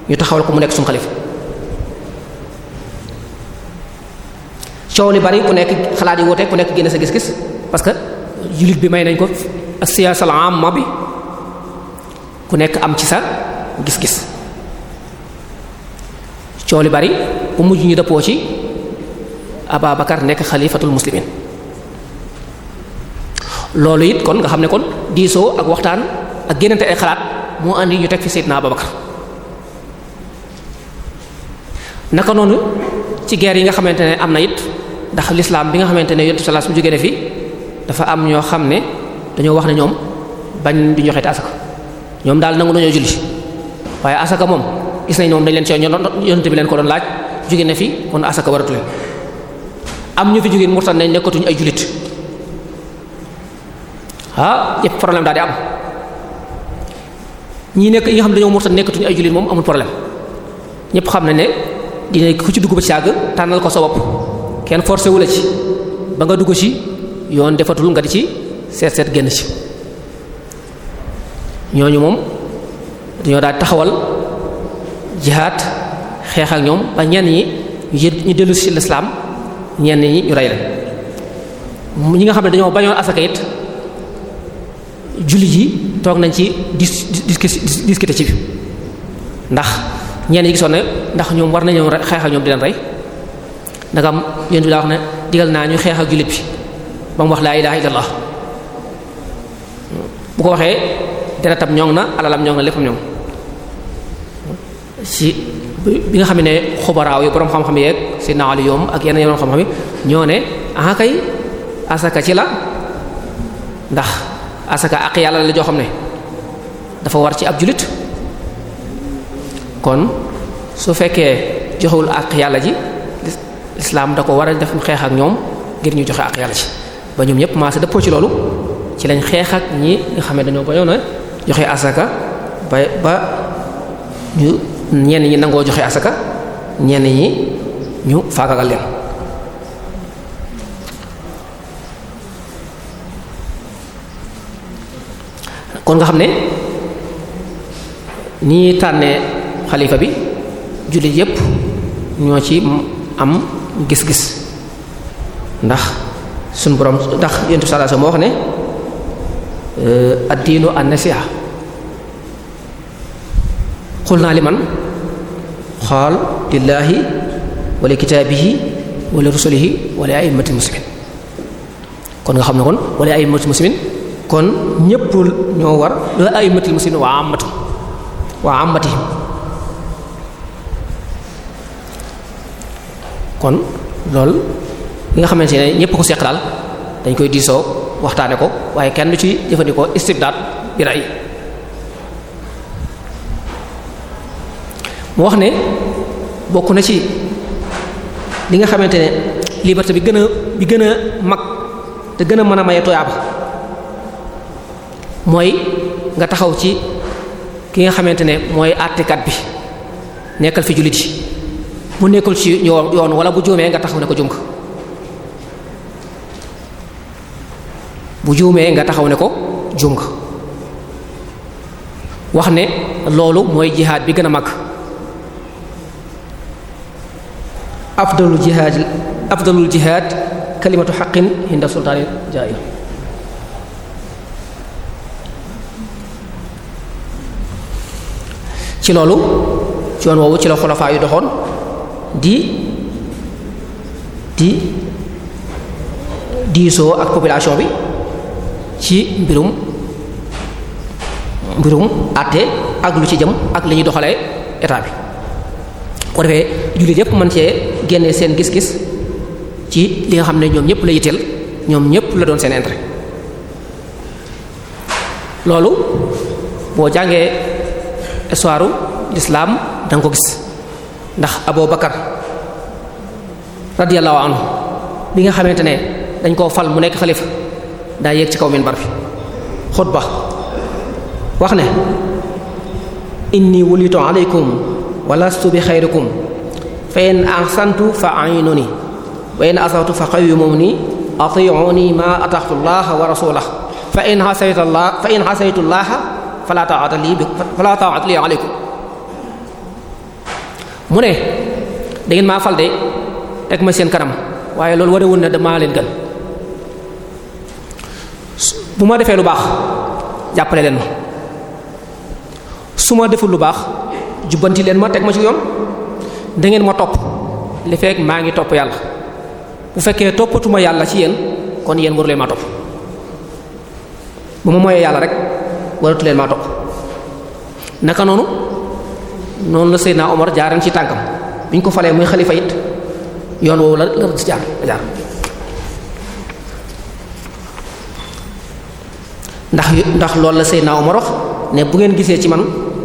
ñu taxawal ko mu nekk suñu xalifa coow li bari ku nekk xalaat yi wute ku nekk génn sa gis-gis parce que jullit bi may nañ ko ak siyaasal amma bi ku nekk am ci sa gis-gis coow li bari bu mujj ñu dëppoo ci Ababakar nekk xalifatul muslimin loolu yit kon nga xam ne kon diisoo ak waxtaan ak génnante ay xalaat moo andi ñu teg fi Seydina Ababakar naka noonu ci guerre yi nga xamante ne am na it ndax lislaam bi nga xamante ne yontu salaas bu jógee ne fi dafa am ñoo xam ne dañoo wax ne ñoom bañ du joxeeti asaka ñoom daal nangu nañoo julli waaye asaka moom gis nañ moom dañ leen ci yonent bi leen ko doon laaj jóge fi kon asaka waratu leen ñu fi jógee murtan nañ nekkatuñu ay jullit ah yépp problème daal am ñi nekk yi nga xam ne dañoo murtan nekkatuñu ay jullit moom amul problème ñépp xam na ne dina ku ci dugg ba ci tànnal ko sa bopp kenn forcé wu la ci ba nga dugg ci yoon defatul nga di ci seet seet génn ci ñooñu moom dañoo daal taxawal jihaad xeex ak ñoom ba ñenn ñi ñu dellu ci lislaam ñenn ñi ñu rey la ñi nga xam ne dañoo bañoon asaka it jullit yi toog nañ ci dis discuter ci bi ndax ñeen yi gisoon ne ndax ñoom war nañoo xeex ak ñoom di leen rey ndagam yéen bi laa wax ne digal naa ñu xeex ak jullit bi ba mu wax laa ilaha illallah bu ko waxee deretam ñoŋ na alalam ñoŋ na léppam ñoŋ si bi nga xam ne xubaraaw yi boroom xam-xam yeeg si naaw yoom ak yenn yeneen xam-xam yi ñoo ne ah asaka ci la ndax asaka ak yàlla la joo xam ne dafa war ci ab jullit kon su fekkee joxewul ak yàlla ji. lislaam da ko war a def xeex ak ñoom ngir ñu joxe ak yàlla ci ba ñoom ñëpp maase dëppoo ci loolu ci lañ xeex ak ñi nga xam ne dañoo bañoon a joxe asaka ba ba ñu ñenn ñi nangoo joxe asaka ñenn ñi ñu faagagal kon nga xam ne ni tànnee xalifa bi jullit yépp ñoo ci am gis-gis ndax suñu borom ndax yentu sallallahu moo wax ne euh, ad-diinu an xul naa li man xool lillaahi wala kitaabihi wala rusulihi wala a'immati muslimin kon nga xam ne kon wala a'immati muslimin kon ñépp ñoo war la a'immati muslimin waa amatu waa amatihim kon loolu li nga xamante ne ñépp ko seq daal dañ koy diisoo waxtaane ko waaye kenn du ci jëfandikoo istibdaat bi ra'y mu wax ne bokk na ci li nga xamante ne liberté bi gën a bi gën a mag te gën a mën a maye mooy nga taxaw ci ki nga xamante ne mooy àttekat bi nekkal fi jullit yi bu nekkul ci yoon wala bu juumee nga taxaw ne ko jum bu juumee nga taxaw ne ko jum wax ne loolu mooy jihaad bi gën a mag afdalul jihaad afdalul jihaad kalimatu xaqin inda sultaani jaayil ci loolu ci yoon woowu ci la xulafaa doxoon di di diisoo ak population bi ci mbirum mbirum àtte ak lu ci jëm ak li ñuy doxalee état bi ko defee jullit yépp mën cee génne seen gis-gis ci li nga xam ne ñoom ñépp la yitteel ñoom ñépp la doon seen intérêt loolu boo jàngee histoire l'islam danga ko gis ndax Abou Bakar radiyallahu anhu bi nga xamante ne dañ koo fal mu nekk xalifa daa yéeg ci kaw min bi xutba wax ne inni wulitu aleykum walastu bi xayrikum fa in ahsantu fa aynuni wa in asatu fa qayyimuni ati'uni ma ata'tu llaha wa rasulahu fa in hasaytu llaha fa in hasaytu llaha fala ta'ata li fala ta'ata li aleykum mu ne dangeen ngeen maa fal de teg ma seen kanam waaye loolu warewul ne damaa leen gën bu ma defee lu baax jàppale leen ma su ma deful lu baax jubbanti leen ma teg ma ci yoon dangeen ma topp li fekk maa ngi topp yàlla bu fekkee toppatuma yàlla ci yéen kon yéen waru leen maa topp bu ma moyee yàlla rek waratu leen maa topp naka noonu. noonu la Seydina Omar jaaren ci tànkam bi ñu ko falee muy xalifa it yoon woowu la la jaar la jaar ndax loolu la Seydina Omar wax ne bu ngeen gisee ci man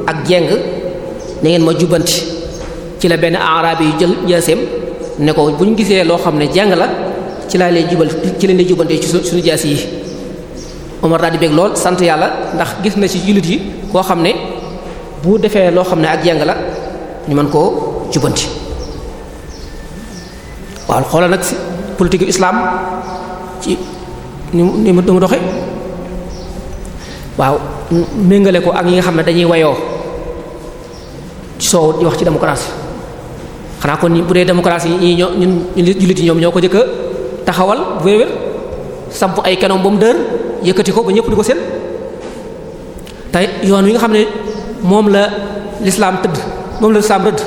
ak jeng na ngeen ma jubbanti ci la benn arabi yu jël jaaseem ne ko bu ñu gisee loo xam ne jeng la ci laa lay jubal ci leen lay jubbantee ci suñu jaas yi Omar daal di bég lool sant yàlla ndax gis na ci jullit yi koo xam ne bu defee loo xam ne ak jàng la ñu mën koo jubanti waaw xoolal nag politique yu islaam ci ñu mu ni doxe waaw méngale ko ak yi nga xam ne dañuy wayoo soow di wax ci démocratie xanaa kon bu dee démocratie yi ñoo ñun jullit yi ñoom ñoo ko jëkk taxawal wéewér samp ay kenoom ba mu dër yëkkati ko ba ñëpp di ko seen te yoon wi nga xam ne moom la lislaam tëdd moom la lislaam rëdd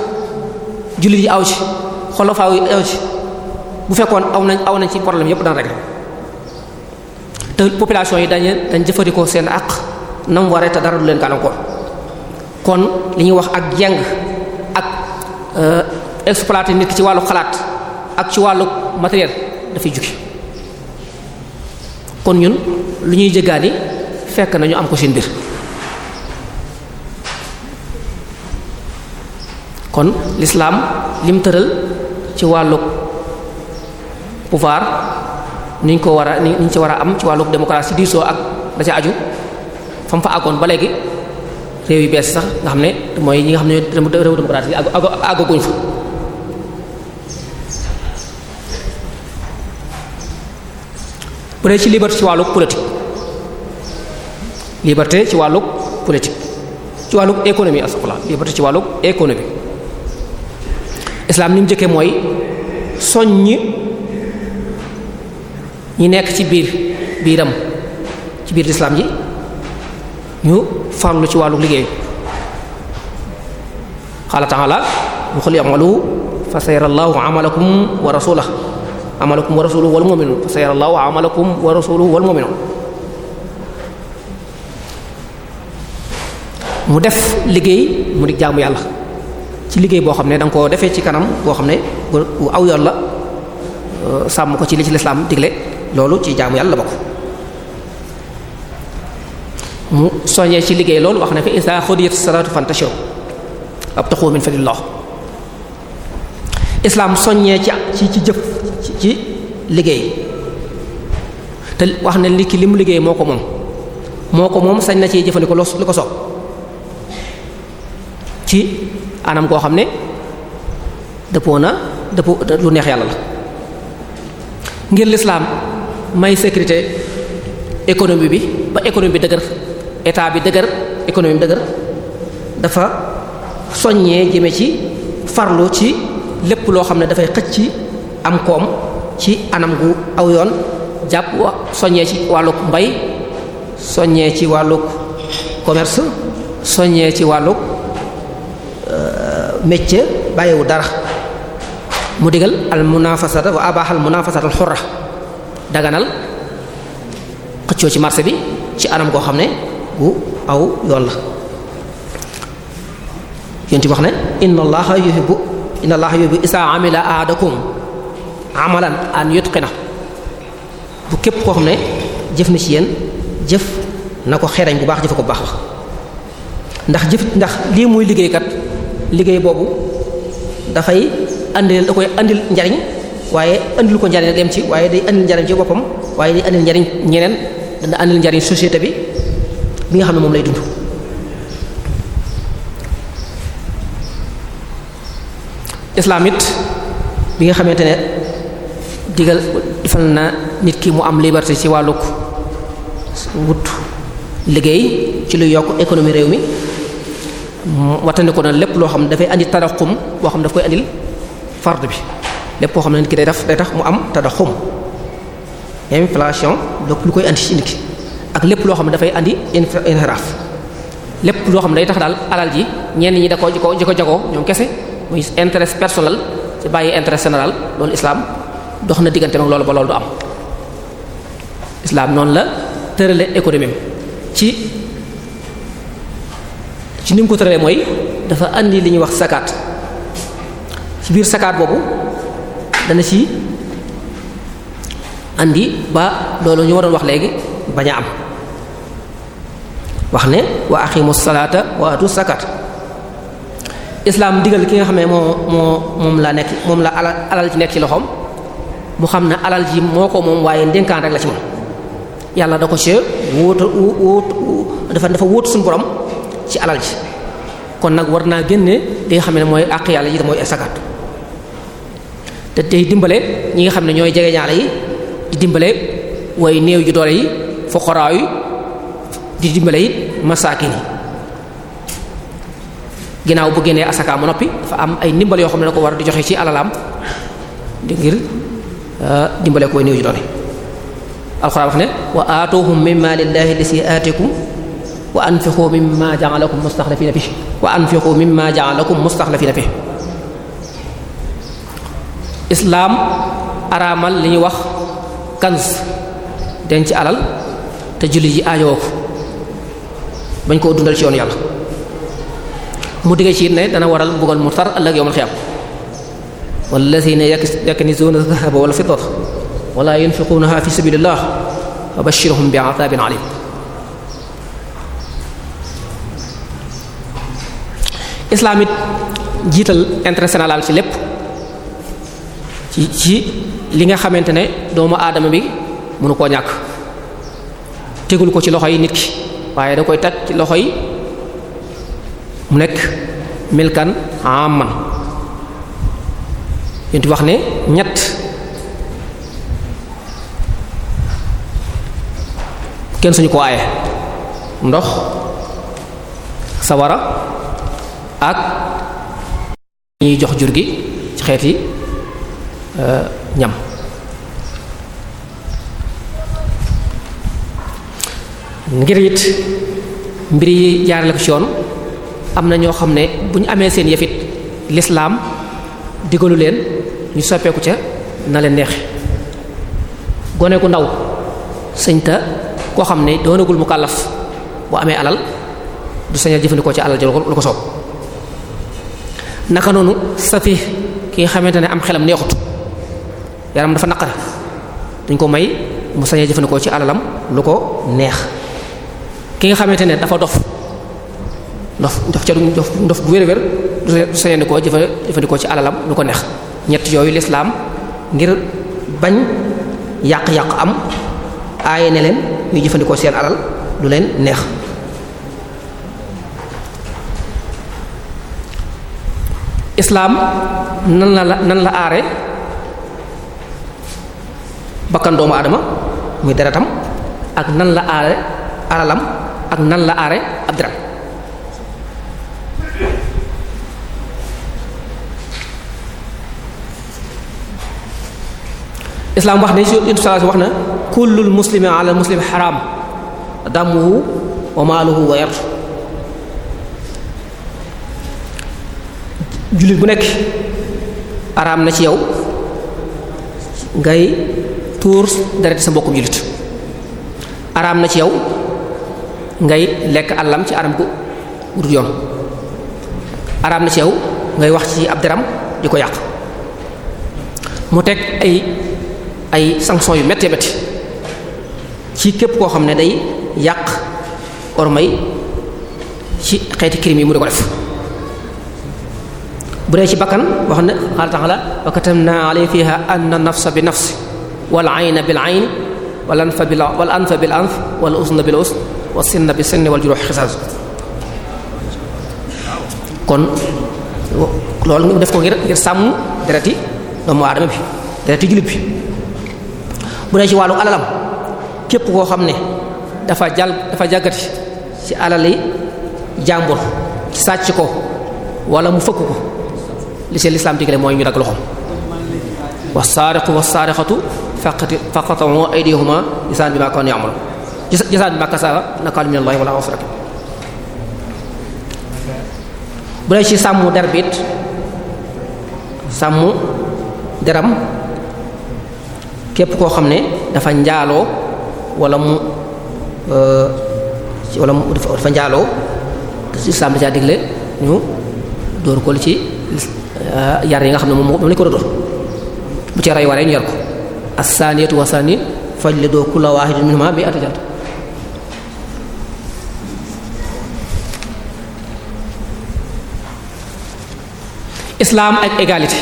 jullit yi aw ci xolofaaw yi aw ci bu fekkoon aw nañ aw nañ ci problème yépp daan régler te population yi dañ dañ jëfandikoo seen àq nam waree te dara du leen gàllankoor kon li ñuy wax ak jeng ak euh, exploité nit ki ci wàllu xalaat ak ci wàllu matériel dafay jukki kon ñun li ñuy jëggaani fekk nañu am ko seen biir kon lislaam lim tëral ci wàllug pouvoir niñ ko war a niñ ci war a am ci wàllug démocratie diisoo ak da ca aju fa fa àggoon ba léegi réew yu bees sax nga xam ne mooy ñi nga xam ne réew démocratie yi àggaguñ fa bu dee ci liberté ci wàllug liberté ci wàllug politique ci wàllug économie asxla liberté ci wàllug économie islaam ni mu jëkke mooy soññ ñi nekk ci biir biiram ci biir lislaam ji ñu farlu ci wàllu liggéey qaala taala wa qul i'malu fa sayara allahu amalakum wa rasulahu amalakum wa rasuluhu wal mu'minun fa sayara amalakum wa rasuluhu wal mu'minun mu def liggéey mu di jaamu yàlla ci liggéey boo xam ne da nga koo defee ci kanam boo xam ne bu aw yoon la euh, sàmm ko ci li ci lislaam digle loolu ci jaamu yàlla la bokk mu soññee ci liggéey loolu wax ne fa isa xudiyat salatu fantashiru abtaxu min fadlillah islaam soññee ci ci ci jëf ci liggéey te wax ne li ki li mu liggéey moo ko moom moo ko moom sañ na ci jëfandikoo lu ko soob ci anam koo xam ne dëppoo na dëppoo lu neex yàlla la ngir lislaam may sécurité économie bi ba économie bi dëgër état bi dëgër économie bi dëgër dafa soññee jëme ci farlu ci lépp loo xam ne dafay xëcc ci am koom ci anam gu aw yoon jàpp soññee ci wàllug mbay soññee ci wàllug commerce soññee ci wàllug métier bàyyiwu dara mu digal al munafasata wa abaaxal munafasata al xurra daganal xëccoo ci marché bi ci anam koo xam ne bu aw yoon la yonti wax ne inna allaha yuhibbu inna allaha yuhibbu isa amila ahadakum amalan an yutqina bu képp koo xam ne jëf na ci yéen jëf na ko xereñ bu baax jëfe ko baax wax ndax jëf ndax lii muy liggéeykat liggéey boobu dafay andil da koy andil njariñ waaye andil ko njariñ dem ci waaye day andil njariñ ci boppam waaye day andil njariñ ñeneen dana andil njariñ société bi bi nga xam ne moom lay dund islaam it bi nga xamante ne digal defal na nit ki mu am liberté ci wàllug wut liggéey ci lu yokk économie réew mi wattandiku na lépp loo xam dafay andi tadaxum boo xam daf koy andil fard bi lépp boo xam na nit ki day day tax mu am tadaxum inflation donc lu koy andi ci nit ki ak lépp loo xam ne dafay andi inxiraaf lépp loo xam ne day tax daal alal ji ñenn ñi da ko ko ji ko jagoo ñoom kese muy intérêt personnel si bàyyi intérêt général loolu islaam dox na diggante mag loolu ba loolu du am islam noonu la tërale économie ci ci ni mu ko tëralee mooy dafa andi li ñuy wax sakaat ci biir sakaat boobu dana ci andi ba loolu ñu waroon wax léegi bañ a am wax ne wa aqimu salaata wa atu sakaat islaam digal ki nga xam ne moo moo moom laa nekk moom la alal alal ji nekk ci loxoom mu xam ne alal ji moo ko moom waaye ndénkaan rek la ci moom yàlla da ko ci wóota wóot dafa dafa wóotu suñu borom ci alal ji kon nag war naa génne li nga xam ne mooy àq yàlla yi te mooy sakaat te tey dimbale ñi nga xam ne ñooy jege ñaale dimbale way néew ju doole yi fuqaraa di dimbale it masaakin yi ginnaaw bu génnee asaka mu noppi dafa am ay ndimbal yoo xam ne da ko war di joxe ci alalaam di ngir euh, dimbale koy néew ju doole alxuraan wax ne wa aatuhum min malillahi lasi aatikum wa anfiqu mimma ja'alakum mustaxlafina fi wa anfiqu mimma ja'alakum mustaxlafina fi islaam araamal li wax kans denc alal te jullit yi aajowoo ko bañ koo dundal ci yoonu yàlla mu digge ci ne dana waral mbugal mu tar ëllëg yawmal xiyaam wallazina yaknizuuna dahaba wal fiddata wala yunfiquunaha fi sabilillah fa bashirhum bi adabin alim islaamit it jiital intérêt général ci lépp ci li nga xamante ne doomu aadama bi mënu koo ñàkk tegul ko ci loxo yi nit ki waaye da koy teg ci loxo yi mu nekk milkan amman yéntu wax ne ñett kenn suñu ko aaye ndox sawara ak ñuy jox jur gi ci xeeti euh, ñam ngir it mbir yi jaarale ko ci yoon am na ñoo xam ne bu ñu amee seen yëfit lislaam digalu leen ñu soppeeku ca na leen neex gone gu ndaw sëñta koo xam ne doonagul mu kàllaf bu amee alal du sañal jëfandikoo ci alal ja lu ko soob naka noonu sapi ki nga xamante ne am xelam neexut yaram dafa naqari dañ ko may mu sañee jëfandikoo ci alalam lu ko neex ki nga xamante ne dafa dof dof dof ca dof dof bu wér-wér du sañee ni jëfandikoo ci alalam lu ko neex ñetti yooyu lislaam ngir bañ yàq-yàq am aaye ne leen ñuy jëfandikoo seen alal lu leen neex islaam nan la nan la aare bakkan doomu aadama muy deretam ak nan la aare alalam ak nan la aare ab deram islaam wax ne si intu sallallahu wax na kullul muslimi ala muslim xaraam damuhu wa maaluhu wa yartu jullit bu nekk araam na ci yow ngay tuur deret sa mbokkum jullit araam na ci yow ngay lekk àllam ci aram ku wutut yoon araam na ci yow ngay wax ci ab deram di ko yàq mu teg ay ay sanction yu mettee métti ci képp koo xam ne day yàq ormay ci xeeti crime yi mu di ko def bu dee wax na qaala ta'ala wa katamna alayhi fiha anna nafsa bi nafsi wal ayna bil ayn wal anfa bil anfa bil usna bil usn was sinna bis sinni wal juruh def ko ngir bi dereti jullit bi bu dee ci wàllu alalam képp koo xam ne dafa jàll dafa jàggati ci alali jàmbur sàcc ko wala mu fëkk ko li ci lislaam digle mooy ñu dagg loxoom wasaariqu wasaariqatu faqati faqatu aydihuma jazaan bi ma kaanu ya'malu jazaan bi ma kasaba nakaalu minallahi wala bu dee ci sàmm der sàmm deram képp koo xam ne dafa njaaloo walla mu euh, wala mu dafa njaaloo lislaam da caa digle ñu dóor ko li ci Eh, yar yi nga xam ne moom moom lañ ko doon bu ci rey waree yar ko as-saniyatu wa sani fajlidu kulla wahidin minhuma bi atajat islam ak égalité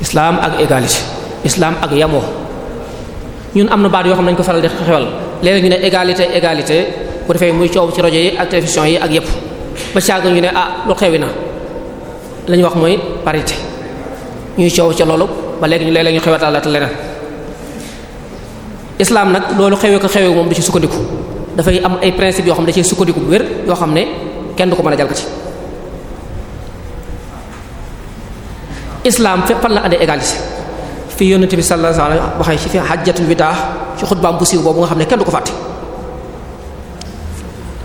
islam ak égalité islam ak yamoo ñun am na baat yoo xam ne dañu ko faral di xewal léeg ñu ne égalité égalité bu defee muy coow ci rajo yi ak télévision yi ak yépp ba caaga ñu ne ah lu xewi na lañu wax mooy parité ñuy coow ca loolu ba léegi ñu léeg-léeg ñu xewetalaat leneen islam nag loolu xewee ko xewee moom da ci sukkandiku dafay am ay principe yoo xam ne cee sukkandiku bu wér yoo xam ne kenn du ko mën a jalgati islam fépp fan la andee égalité fi yonent bi sallallahu alayhi wasallam waxee ci fi hajjatul wida ci xutbaam bu siiw boobu nga xam ne kenn du ko fàtte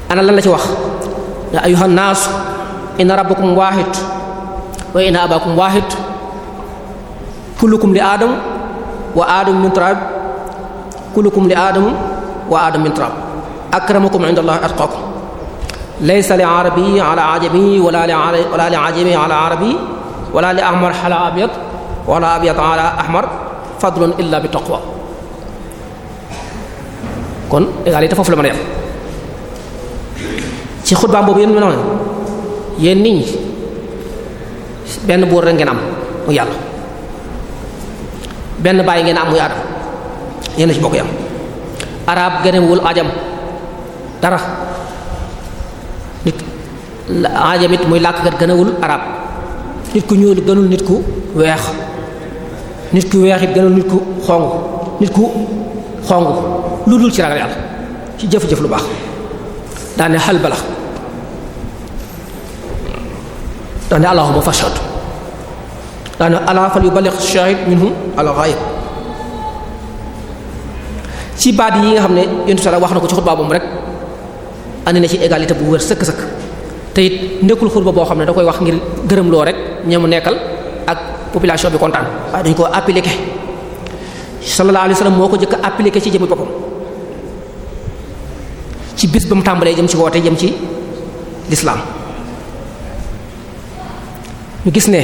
ana lan la ci wax ya ayuha naasu inna rabbakum waahid wa inna abakum wahid kullukum li aadam wa aadam min turab kullukum li aadam wa aadam min turab akramakum inda allah atqakum laysa li arabi ala ajami wala li wala li ajami ala arabi wala li ahmar ala abyad wala abyad ala ahmar fadlun illa bi taqwa kon égalité foofu la mën a yem ci xutbaam boobu yéen ñoo ne yéen nit ñi benn buur rek ngeen am mu yàlla benn bàyyi ngeen am muy adam yéen ci bokk yam arab gënewul ajam dara nit ajam it muy làkkat gënewul arab nit ku ñuul gënul nit ku weex nit ku weex it gënul nit ku xong nit ku xong lu dul ci ragal yàlla ci jëf-jëf lu baax daane xal bala daane allahuma fashhad daana ala fal yuballigh shahid minhum al ghaib ci baat yi nga xam ne yontu sala wax na ko ci xutba rek andi na ci égalité bu wër sëkk-sëkk te it nekkul xutba boo xam ne da koy wax ngir gërëm loo rek ñemu nekkal ak population bi kontaan waaye dañ koo appliqué sallallahu alayhi wasallam moo ko jëkk appliqué ci jëmmi boppam ci bis ba mu tàmbalee jëm ci woote jëm ci lislaam ñu gis ne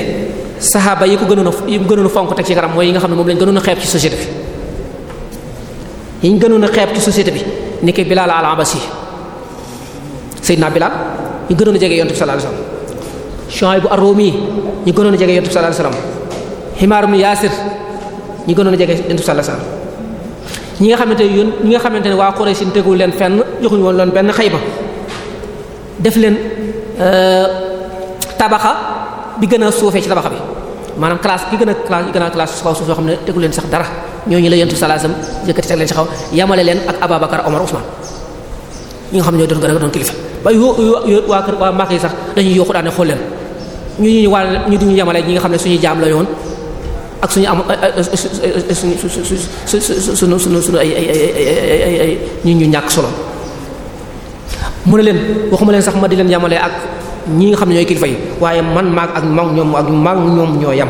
saxaaba yi ko gënoon a yi gënoon a fonk teg ci kanam mooy yi nga xam ne moom lañ gënoon a xeeb ci société bi yi ñu gënoon a ci société bi ni ki Bilaal al-Abasi Seydina Bilaal ñu gënoon a jege yontu bi sallallahu bu ar-Rumi ñu gënoon a jege yontu bi sallallahu alayhi wasallam Himaar ibn ñu gënoon a jege yontu bi sallallahu ñi nga xamante yoon ñi nga xamante ne waa Quraysh tegul leen fenn joxuñu woon loon benn ma def leen euh, tabaxa bi gën a suufee ci tabaxa bi maanaam classe ki gën a classe yi gën a classe kaw suuf yoo xam ne tegu leen sax dara ñooñu la yentu salaasam yëkkati teg leen si xaw yamale leen ak Ababakar Omar Ousmane ñi nga xam ne ñoo doon gën a doon kilifa ba yo waa kër waa Màkka yi sax dañuy yooxu daane xool leen ñu ñu wàll ñu duñu yamale ñi nga xam ne suñuy jaam la yoon ak suñu am suñu suñu suñu suñu ay ay ay ay ay ñu ñu ñàkk solo mu ne leen waxuma leen sax ma di leen yamale ak ñi nga xam ne ñooy kilifa yi waaye man maag ak maag ñoom ak maag ñoom ñoo yam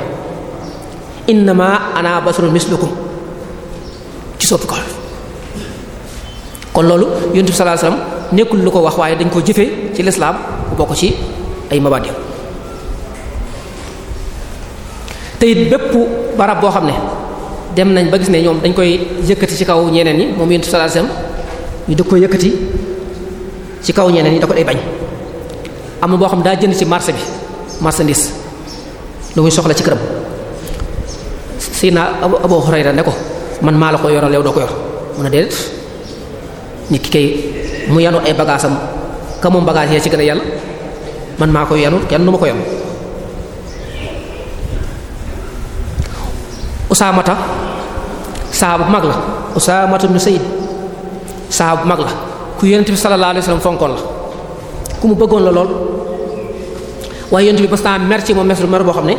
innama ana basarun mislukum ci soppi ko kon loolu yonent bi nekkul lu ko wax waaye dañ ko jëfe ci lislaam bu bokk ci ay mabaat yow bépp barab boo xam ne dem nañ ba gis ne ñoom dañ koy yëkkati ci kaw ñeneen yi moom yonent bi sallallahu alayhi wasallam ñu da koy yëkkati ci kaw ñeneen yi da ko day bañ am na boo xam daa jënd ci marché bi marchandise lu muy soxla ci këram si naa Abu Hurayra ne ko man maa la ko yoral yow doo ko yor mun a déedéet nit ki kay mu yanu ay bagaasam ka moom yee ci gën a yàlla man maa ko yanu kenn du ma ko yanu usaamata saabu mag la usaamata ibn Sayd saabu mag la ku yonent bi sallallahu alayhi fonkoon la ku mu bëggoon la lool waaye yonent bi parce que mer ci moom mesru boo xam ne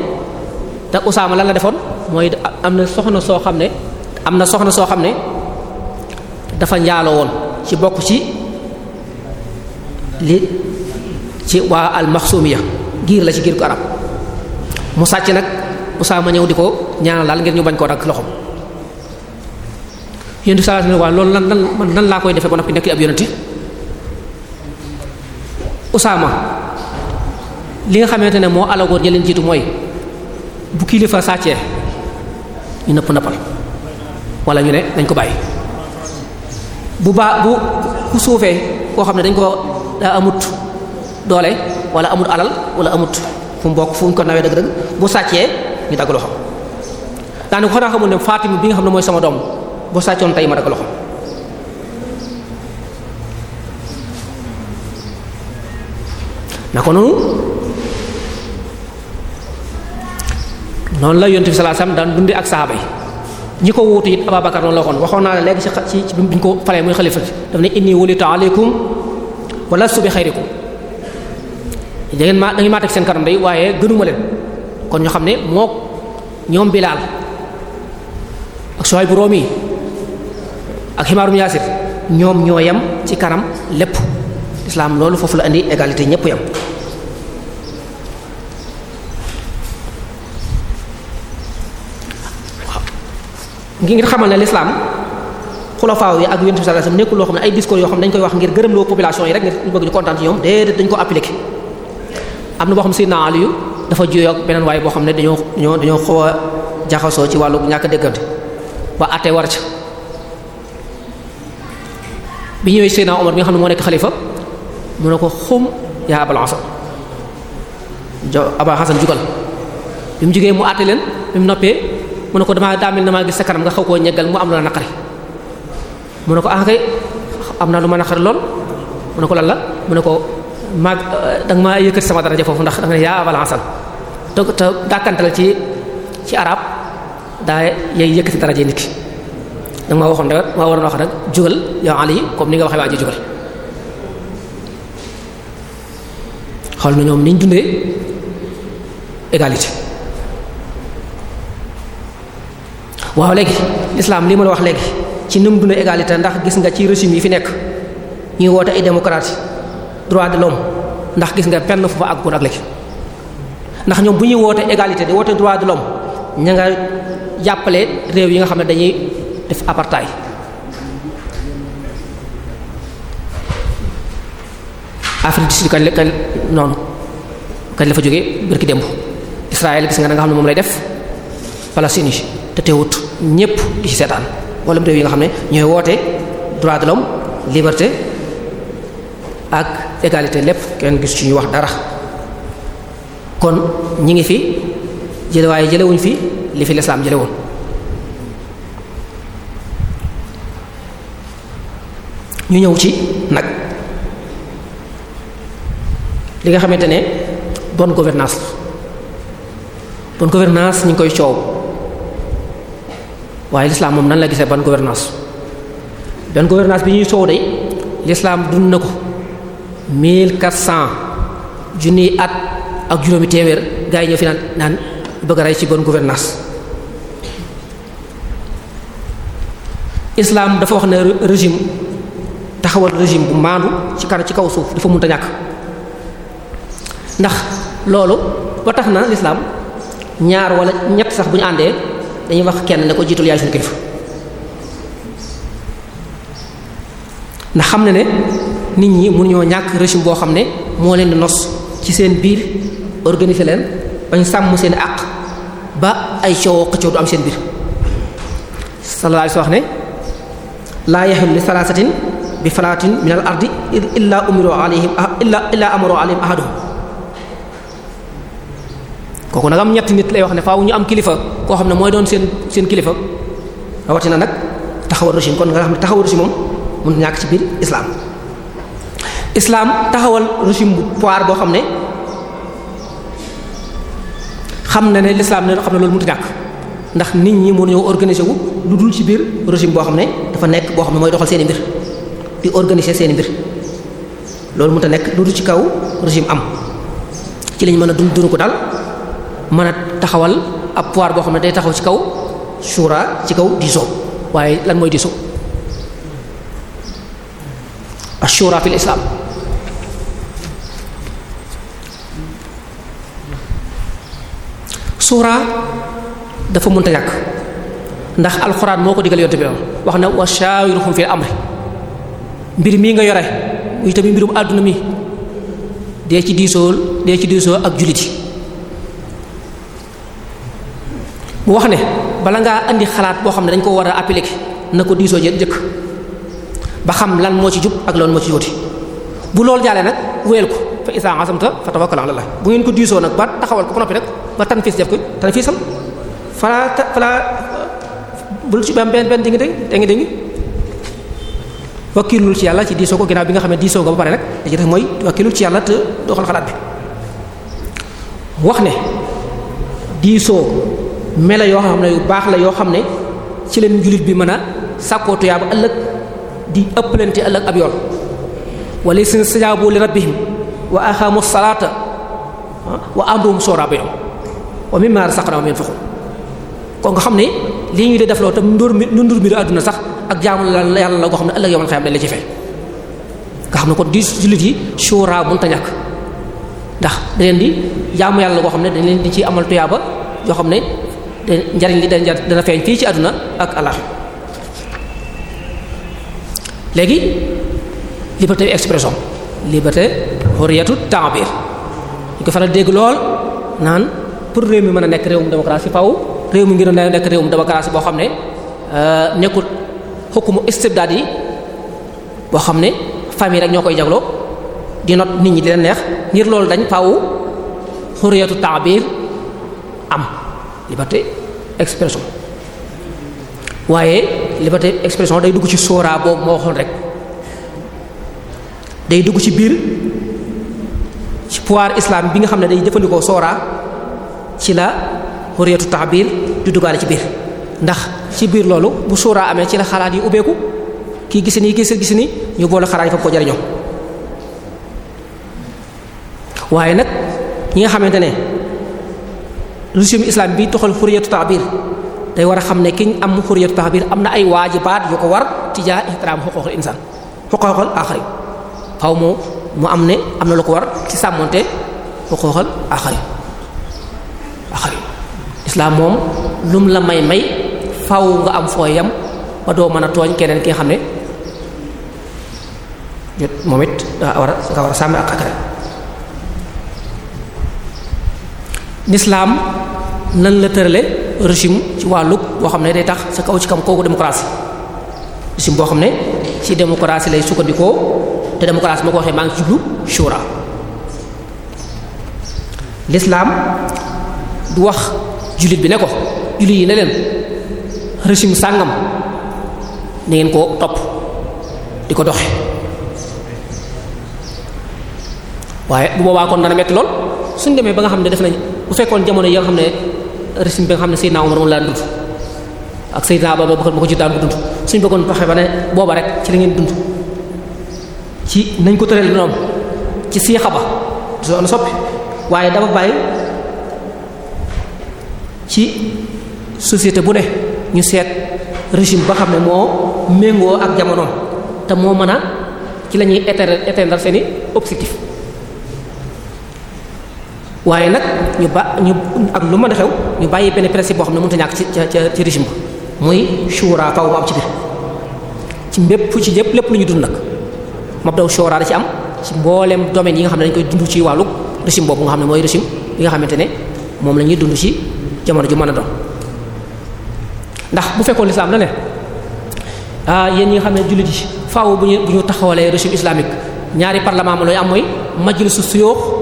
te Usaama lan la defoon mooy am na soxna soo xam ne am na soxna soo xam ne dafa njaaloo woon ci bokk ci li ci waa almaxsumiya giir la ci giir ko arab mu sàcc nag Usaama ñëw di ko ñaanal daal ngir ñu bañ koo dagg loxom yonent saa ne waa loolu nan nan laa koy defee ba noppi nekk ab yonent Usaama li nga xamante ne moo alagoor goo leen jiitu mooy bu kilifa sàccee ñu nëpp nëppal wala ñu ne dañ ko bàyyi bu baa bu ku suufee koo xam ne dañ ko daa amut doole wala amut alal wala amut fu ko nawee dëgg-dëgg bu sàccee ñu dagg loxo daanaka xanaa xamul ne Fatima bi nga xam ne mooy sama doom bu sàccoon tey ma dagg loxo naka noonu noonu la yonent bi sallallahu daan dundee ak saaba yi ñi ko wuutu it Ababakar noonu la waxoon waxoon naa ne léegi ci ci ci biñ ko falee muy xalifa daf ne indi wulitu alaykum wala subi xayrikum da ngeen maa da ngeen maa teg seen kanam day waaye gënuma leen kon ñoo xam ne mook ñoom Bilaal ak Suhayb bu Roomi ak Himaarum Yaasir ñoom ñoo yem ci kanam lépp islaam loolu foofu la indi égalité ñépp yem ngir xamal ne l'islam xulafaaw yi ak yonent bi sallallahu alayhi wasallam nekkul loo xam ne ay discours yoo xam ne dañ koy wax ngir gërëm loo population yi rek ngir bëgg ñu kontaan ci ñoom déedéet dañ ko appliqué am na boo xam Seydina Aliyu dafa juyoo ak beneen boo xam ne dañoo dañoo dañoo xaw a jaxasoo ci wàllu ñàkk a déggante ba àttee war ca bi ñëwee Seydina Omar bi nga xam ne moo nekk xalifa mu ne ko xum yaa Abul Hasan jo Abul Hasan jugal bi mu jugee mu àtte leen bi mu noppee mu ne ko damaa daamel na maa gis sa kanam nga xaw koo ñeggal mu am lu la naqari mu ne ko ah kay am na lu ma naqari lool mu ne ko lan la mu ne ko maa euh, da ma maa yëkkati sama daraja foofu ndax da nga ne yaa avalansan te te dàkkantal ci ci arab daa yay yëkkati daraja nit ki da nga maa waxoon rek maa waroon wax rek jugal yow Ali comme ni nga waxee waa ji jugal xool na ñoom niñ dundee égalité waaw léegi lislaam li ma la wax léegi ci num dund égalité ndax gis nga ci régime yi fi nekk ñuy woote ay démocratie droit de l'homme ndax gis nga pen fu fa ak léegi ndax ñoom bu ñuy woote égalité di woote droit de l'homme ña nga jàppale réew yi nga xam ne dañuy def apartheid Afrique du Sud kañ la noonu kañ la fa jógee bërki démb Israël gis nga da xam ne moom lay def Palestine yi te teewut ñépp di ci seetaan wala réew yi nga xam ne ñooy woote droit de liberté ak égalité lépp kenn gis ci ñu wax dara kon ñi ngi fi jële waaye jëlewuñ fi li fi lislaam woon ñu ñëw ci nag li nga xamante ne bon gouvernance bon gouvernance ñu ngi koy coow waaye lislaam moom nan la gisee bonne gouvernance bonne gouvernance bi ñuy soow day lislaam dund na ko mille quatre cent junniy at ak juróomi téeméer gars yi ñoo fi naan bëgg rey ci bon gouvernance islaam dafa wax ne résime taxawal régime bu maandu ci kan ci kaw suuf dafa mënta ñàkk ndax loolu ba tax na l'islam ñaar wala ñett sax bu ñu àndee dañuy wax kenn ne ko jiitul yaay suñu kilifa ndax xam na ne nit ñi mu mënuñoo ñàkk régime boo xam ne moo leen di nos ci seen biir organiser leen bañ sàmm seen àq ba ay coowoo xëccoo du am seen biir ne laa yaxil li salaasatin bi falaatin min al ardi illa umiru alayhim illa illa amaru alayhim ahaduhum kooku nag am ñetti nit lay wax ne faaw ñu am kilifa koo xam ne mooy doon seen seen kilifa rawatina nag taxawal régime kon nga xam ne taxawal régime moom mun ñàkk ci biir islam islam taxawal régime bu pouvoir boo xam ne xam na ne l'islam ne xam ne loolu mënut ñàkk ndax nit ñi ne organiser wu lu dul ci biir régime boo xam ne dafa nekk boo xam ne mooy doxal seen i mbir di organiser seen i mbir loolu mënut a nekk lu dul ci kaw régime am ci lañ mën a dund dund ko daal. mën a taxawal ab pouvoir boo xam ne day taxaw ci kaw shura ci kaw diisoo waaye lan mooy diisoo ashura fil islam shura dafa mënta ñàkk ndax alxuraan moo ko digal yonte bi wax na wa shawiruhum am amri mbir mii nga yore muy tamit mbirum àdduna mi dee ci diisoo dee ci diisoo ak jullit mu wax ne bala ngaa indi xalaat boo xam ne dañ koo war a appliquer na ko diisoo jë jëkk ba xam lan moo ci jub ak lan moo ci jóoti bu loolu jàllee nag wéyal ko fa isa asamta fa tawakkal ala allah bu ngeen ko diisoo nag ba taxawal ko ba noppi nag ba tan fiis def ko tan fiisal falaa falaa bul ci benn benn dingi dég dé ngi wakkilul ci yàlla ci diisoo ko ginnaaw bi nga xam ne diisoo nga ba pare nag da ci def mooy wakkilul ci yàlla te doxal xalaat bi wax ne diisoo mela yoo xam ne yu baax la yoo xam ne ci leen jullit bi mën a sàkkoo tuyaaba ëllëg di ëppalante ëllëg ab yoon wala sin sajaabu li rabbihim wa aqamu salata ah, wa amruhum shura baynahum wa mimma razaqnahum yunfiqun kon nga xam ne lii ñuy dee def loo tam ndóor mi nu ndur mi àdduna sax ak jaamu la yàlla la goo xam ne ëllëg yow man xayam dañ la ci fay nga xam ne kon di jullit yi shura bu ta ñàkk ndax da leen di jaamu yàlla goo xam ne dañ leen di ci amal tuyaaba yoo xam ne njariñ li dañ dana feeñ fii ci àdduna ak alax léegi liberté expression liberté xoriyatu ta'bir ñu ko faral dégg lool naan pour réew mi mën a nekk réewum démocratie paw réew mi ngir nekk réewum démocratie boo xam ne euh, nekkul xukumu istibdaad yi boo xam ne famille rek ñoo koy jagloo di not nit ñi di leen neex ngir loolu dañ faw xoriyatu ta'bir am liberté expression waaye liberté expression day dugg ci sooraa boobu moo waxoon rek day dugg ci biir ci pouvoir islam bi nga xam ne day jëfandikoo sóoraa ci la xuriyatu taabir du duggaale ci biir ndax ci biir loolu bu sóoraa amee ci la xalaat yi ubbeeku kii gis nii gis gis ni ñu boole xalaat yi fa ko jariñoo waaye nag ñi nga xamante ne régime islam bi toxal xuriyatu taabir day war a xam ne kiñ am xuriyatu taabir am na ay waajibaat yu ko war ci jaa ixtiraam xuquuqul insaan xuquuqul aaxari faw moo mu am ne am na lu ko war ci sàmmonte xuquuqul aaxari aaxari islam moom lum la may may faw nga am foo yam ba doo mën a tooñ keneen ki nga xam ne jot moom it daa war a nga war a sàmm ak xakare lislaam nan la tërale régime ci wàllu boo xam ne day tax sa kaw ci kam kooku démocratie régime boo xam ne ci démocratie lay sukkandikoo te démocratie ma ko waxee maa ngi ci jublu shura l'islam du wax jullit bi ne ko jullit yi ne leen régime sàngam na ngeen ko topp di ko doxe waaye bu boobaa kon dana metti lool suñ demee ba nga xam ne def nañ bu fekkoon jamono yoo xam ne régime bi nga xam ne Seydina Omar moom laa dund ak Seydina Abubakar ba ko ci daan ko dund suñu bëggoon paxee ba ne booba rek ci la ngeen dund ci nañ ko tëral noonu ci siixa ba soo soppi waaye dafa bàyyi ci société bu ne ñu seet régime ba xam ne moo méngoo ak jamonoom te moo mën a ci la ñuy éteindre éteindre seeni objectif waaye nag ñu ba ñu ak lu mën a xew ñu bàyyi benn principe boo xam ne mënut a ak ci ca ci régime ba muy shura faaw mu am ci biir ci mbépp ci yëpp lépp lu ñu dund nag mabdaw shura da ci am ci mbooleem domaine yi nga xam ne dañ koy dund ci wàllu régime boobu nga xam ne mooy régime nga xamante ne moom la ñuy dund ci jamono ju mën a doon ndax bu fekkoo lislaam la ne ah yéen ñi nga xam ne jullit yi faaw bu ñu ñu taxawalee régime islamique ñaari parlement ma looy am mooy majlisu suyuux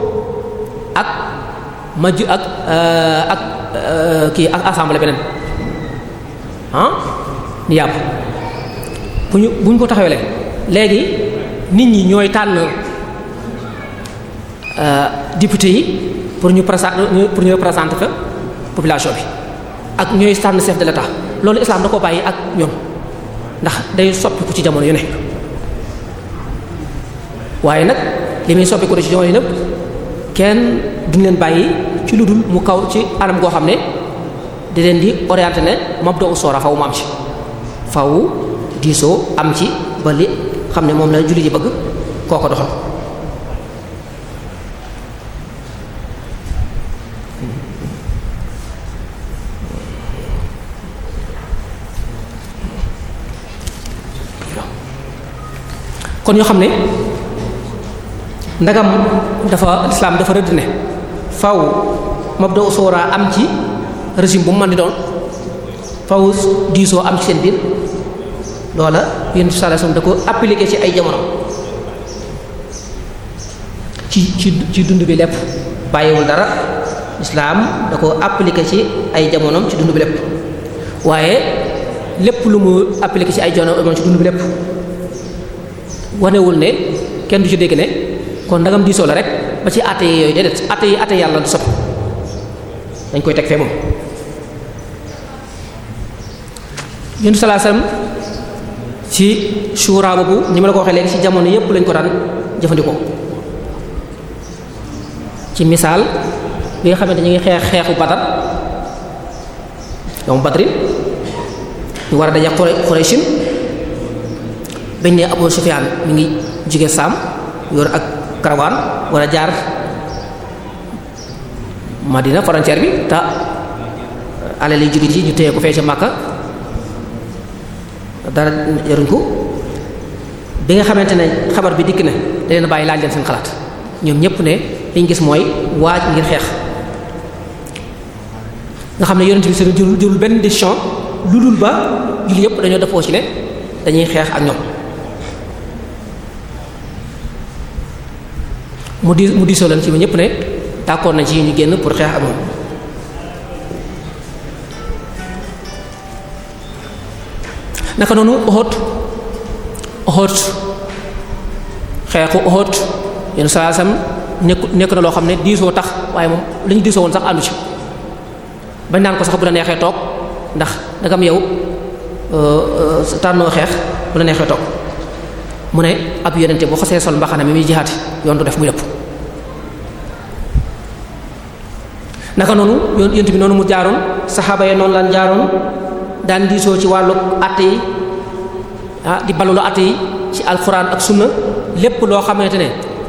ma ju ak eh, ak eh, kii ak assemblée beneen ah ni yàpp bu ñu bu ñu ko taxawalee léegi nit ñi ñooy tànn eh, député yi pour ñu présenter pour ñu présenter fa population bi ak ñooy tànn chef de loolu islam da ko bàyyi ak ñoom ndax day soppiku ci jamono yu ne waaye nag li muy soppiku ci jamono yu ne kenn duñ leen bàyyi ci lu dul mu kaw ci anam goo xam ne di leen di orienté ne mabda'u sura faw mu am ci faw diisoo am ci ba xam ne moom la julli ji bëgg koo ko doxal kon ñoo xam ne ndagam dafa lislaam dafa rëdd ne faw mabda usura am ci régime bu mu mën di doon faw diisoo am ci seen biir loola yéen sallallahu alayhi wasallam da ko appliqué ci ay jamono ci ci ci dund bi lépp bàyyiwul dara lislaam da ko appliqué ci ay jamonoom ci dund bi waaye lépp lu mu appliqué ci ay jamono ci dund bi lépp wanewul ne kenn du ci dégg ne kon ndagam diisoo la rek ba ci àtte yooyu déedéet àtte yi àtte yàlla du soppi dañ koy teg fee moom yontu salaa salaam ci shura boobu ni ma la ko waxee léegi ci jamono yépp lañ ko daan jëfandikoo ci misaal bi nga xamante ñu ngi xeex xeexu Badar yow Badrin ñu war a daje Quraysh bañ ne Abu Sufyaan mi ngi jóge Saam yor ak karawaan wala jaar Madina frontière bi te alal yi jullit yi ñu téye ko fee ca Makka dara yaruñ ko bi nga xamante ne xabar bi dikk na da leen bàyyi laaj leen seen xalaat ñoom ñépp ne liñ gis mooy waaj ngir xeex nga xam ne yonent bi seen jëlul jëlul benn décision lu dul ba jullit yépp dañoo defoo ci ne dañuy xeex ak ñoom mu di mu diisoo leen ci ba ñëpp ne d'accord nañ ci ñu génn pour xeex ak moom naka noonu Uhud Uhud xeexu Uhud yenn saa sam nekk nekk na loo xam ne diisoo tax waaye moom li diisoo woon sax àndu ci bañ naan ko sax bu la neexee toog ndax da nga am yow euh, euh, tànnoo xeex bu la neexee toog mu ne ab yonente boo xasee sol mbaxana mi muy jihaati yoon du def muy dëpp naka noonu yoon yent bi noonu mu jaaroon saxaaba ya noonu laan jaaroon daan diisoo ci wàllu àtte yi ah, di balulu àtte yi ci alxuraan ak sunna lépp loo xamante ne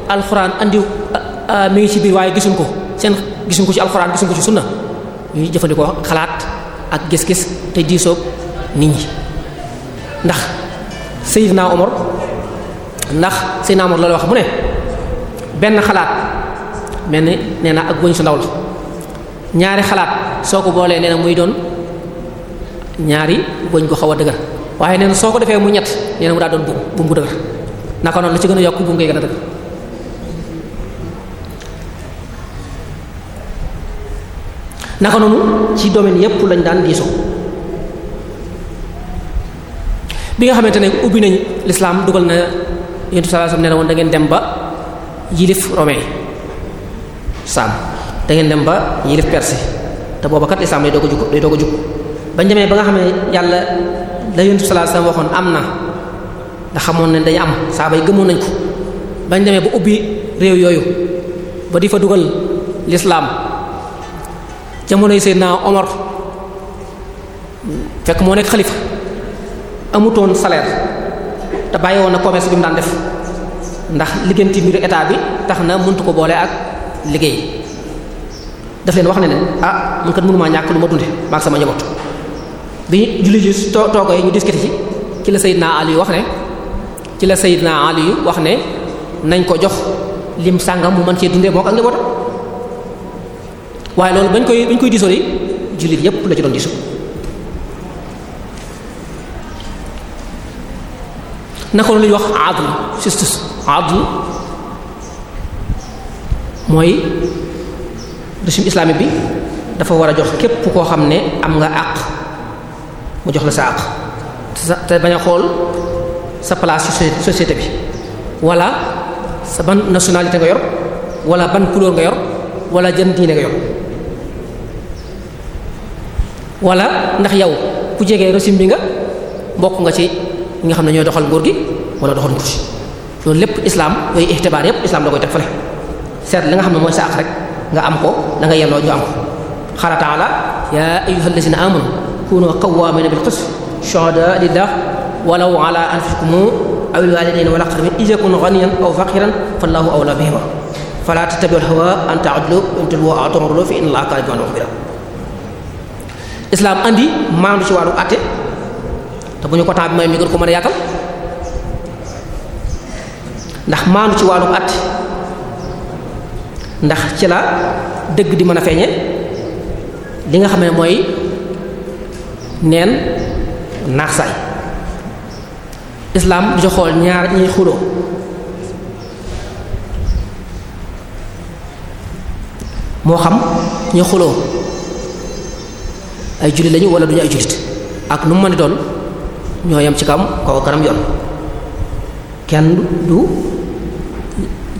alxuraan andi ah, ah, mi ngi ci biir waaye gisuñ ko seen gisuñ ko ci alxuraan gisuñ ko ci sunna ñuy jëfandikoo xalaat ak gis-gis te diisoog nit ñi ndax Seydina Omar ndax Seydina Omar la wax mu ne benn xalaat mel ni nee naa ak wëñ su ndaw la ñaari xalaat soo ko boolee nee na muy doon ñaari bëñ ko xaw a dëgër waaye nee na soo ko defee mu ñett nee na mu daa doon bu bu dëgër naka noonu la ci gën yokk bu mu noonu ci domaine yépp lañ daan diisoo bi nga xamante ne ubbi nañ lislaam dugal na yontu sallallahu alayhi wasallam nee dem ba yilif romain saam da ngeen dem ba yilif perse te booba kat lislaam day doog ko jug day doog a jug bañ demee ba nga xam ne yàlla la yonent sallallahu alayhi wasallam waxoon am na nga xamoon ne day am saaba yi gëmoon nañ ko bañ demee ba ubbi réew yooyu ba di fa dugal lislaam jamonoy Seydina Omar fekk moo nekk xalifa amutoon salaire te bàyyi woon na commerce bi mu daan def ndax ligganti mbiru état bi tax na mëntu ko boole ak liggéey daf leen wax ne leen ah man kat mënumaa ñàkk lu ma dunde maak sama njaboot bi julli ji toogo yi ñu discuter ci ci la Seydina Ali wax ne ci la Seydina Ali wax ne nañ ko jox lim sàngam mu mën cee dundee moo ko ak njabootam waaye loolu bañ koy bañ koy diisoo yi jullit yépp la ci doon diisoo naka lu ñuy wax adl justice adl mooy régime islamique bi dafa war a jox képp koo xam ne am nga àq mu jox la sa àq te bañ a xool sa place société bi walla sa ban nationalité nga yor wala ban couleur nga yor wala jën diine nga yor wala ndax yow ku jege régime bi nga bokk nga ci nga xam ne ñooy doxal nguur gi wala doxal nguur ci loolu lépp islam yooyu ixtibaar yépp islam da koy teg fale seet li nga xam ne mooy sa àq rek nga am ko la nga yelloo ñu am ko xala taala ya ayyuhal lazina amanu kunu qawwamina bil qist shuhada lillah walaw ala aw al walidayni wal aqrabin in yakun aw faqiran fallahu awla bihima fala hawa an ta'dilu in tulwa aw tu'ridu fa inna allaha kana mukhbiran islam andi maandu ci wàllu àtte te bu ñu ko temps bi may ñu gën ko mën a yaatal ndax maandu ci wàllu àtte ndax ci la dëgg di mën a feeñe li nga xam mooy neen naax saay islaam du xool ñaar ñuy xuloo moo xam ñu xuloo ay jullit lañu wala duñu ay jullit ak lu mu mën doon ñoo yam ci kam kooku kanam yoon kenn du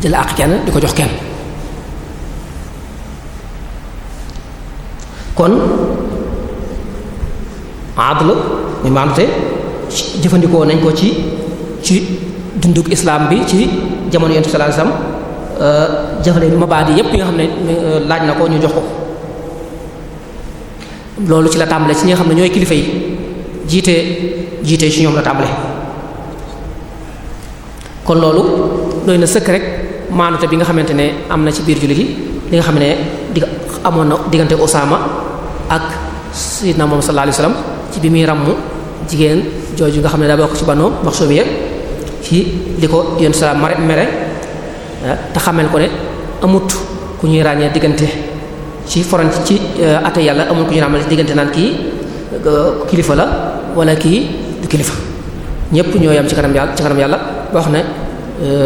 jël àq kenn di ko jox kenn kon adl muy maandute jëfandikoo nañ ko ci ci dundug islam bi ci jamono yonent bi sallallahu alayhi wasallam euh, jëfale mabaadi yépp yi nga xam ne euh, laaj na ko ñu jox ko loolu ci la tàmbale ci ñi nga xam ne ñooy kilifa yi jiite jiite ci ñoom la tàmbale kon loolu doy na sëkk rek maanute bi nga xamante ne am na ci biir jullit yi li nga xam ne di amoon na diggante Osama ak Sayyidina Muhammad sallallahu alayhi wasallam ci bi muy ràmm jigéen jooju nga xam ne daa bokk ci Banu Maxsumiya ci li ko yoon salaam mere eh, te xamel ko ne amut ku ñuy ràññee diggante ci foron ci eh, ate yàlla amut ku ñuy ràmmal diggante naan kii eh, kilifa la wala kii du kilifa ñépp ñoo yam ci kanam yàlla ci kanam yàlla ba wax ne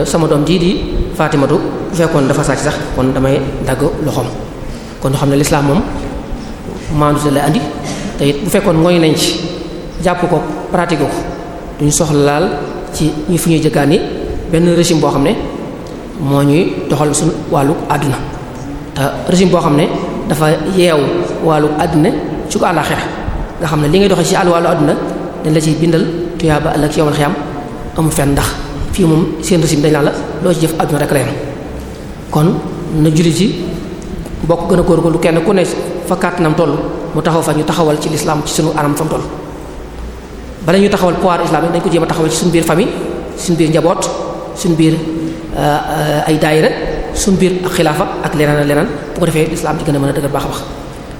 sama doom jii di Faatimatu bu fekkoon dafa sàcc sax kon damay dagg loxoom kon ñu xam ne lislaam moom maandu la andi te it bu fekkoon mooy nañ ci jàpp ko pratiquer ko duñ soxlaal ci ñu fi ñuy jëkkaan ni benn régime boo xam ne moo ñuy doxal suñu wàllu àdduna te régime boo xam ne dafa yeew wàllu àdduna ci ko nga xam ne li ngay doxee ci àll wàllu àdduna dañ la ciy bindal tuyaaba ëllëg yowmal xiyam amul fenn ndax fii moom seen régime dañ la la loo ci jëf àdduna rek la kon na julli ci bokk gën a lu kenn ku ne fa kàttanam toll mu taxaw fa ñu taxawal ci lislaam ci suñu anam fa mu toll bala ñu taxawal pouvoir islamique dañ ko jéem a taxawal ci suñu biir famille suñu biir njaboot suñu biir euh, ay daayira suñu biir ak xilaafa ak leneen a leneen bu ko defee lislaam ci gën a mën a dëgër baax a baax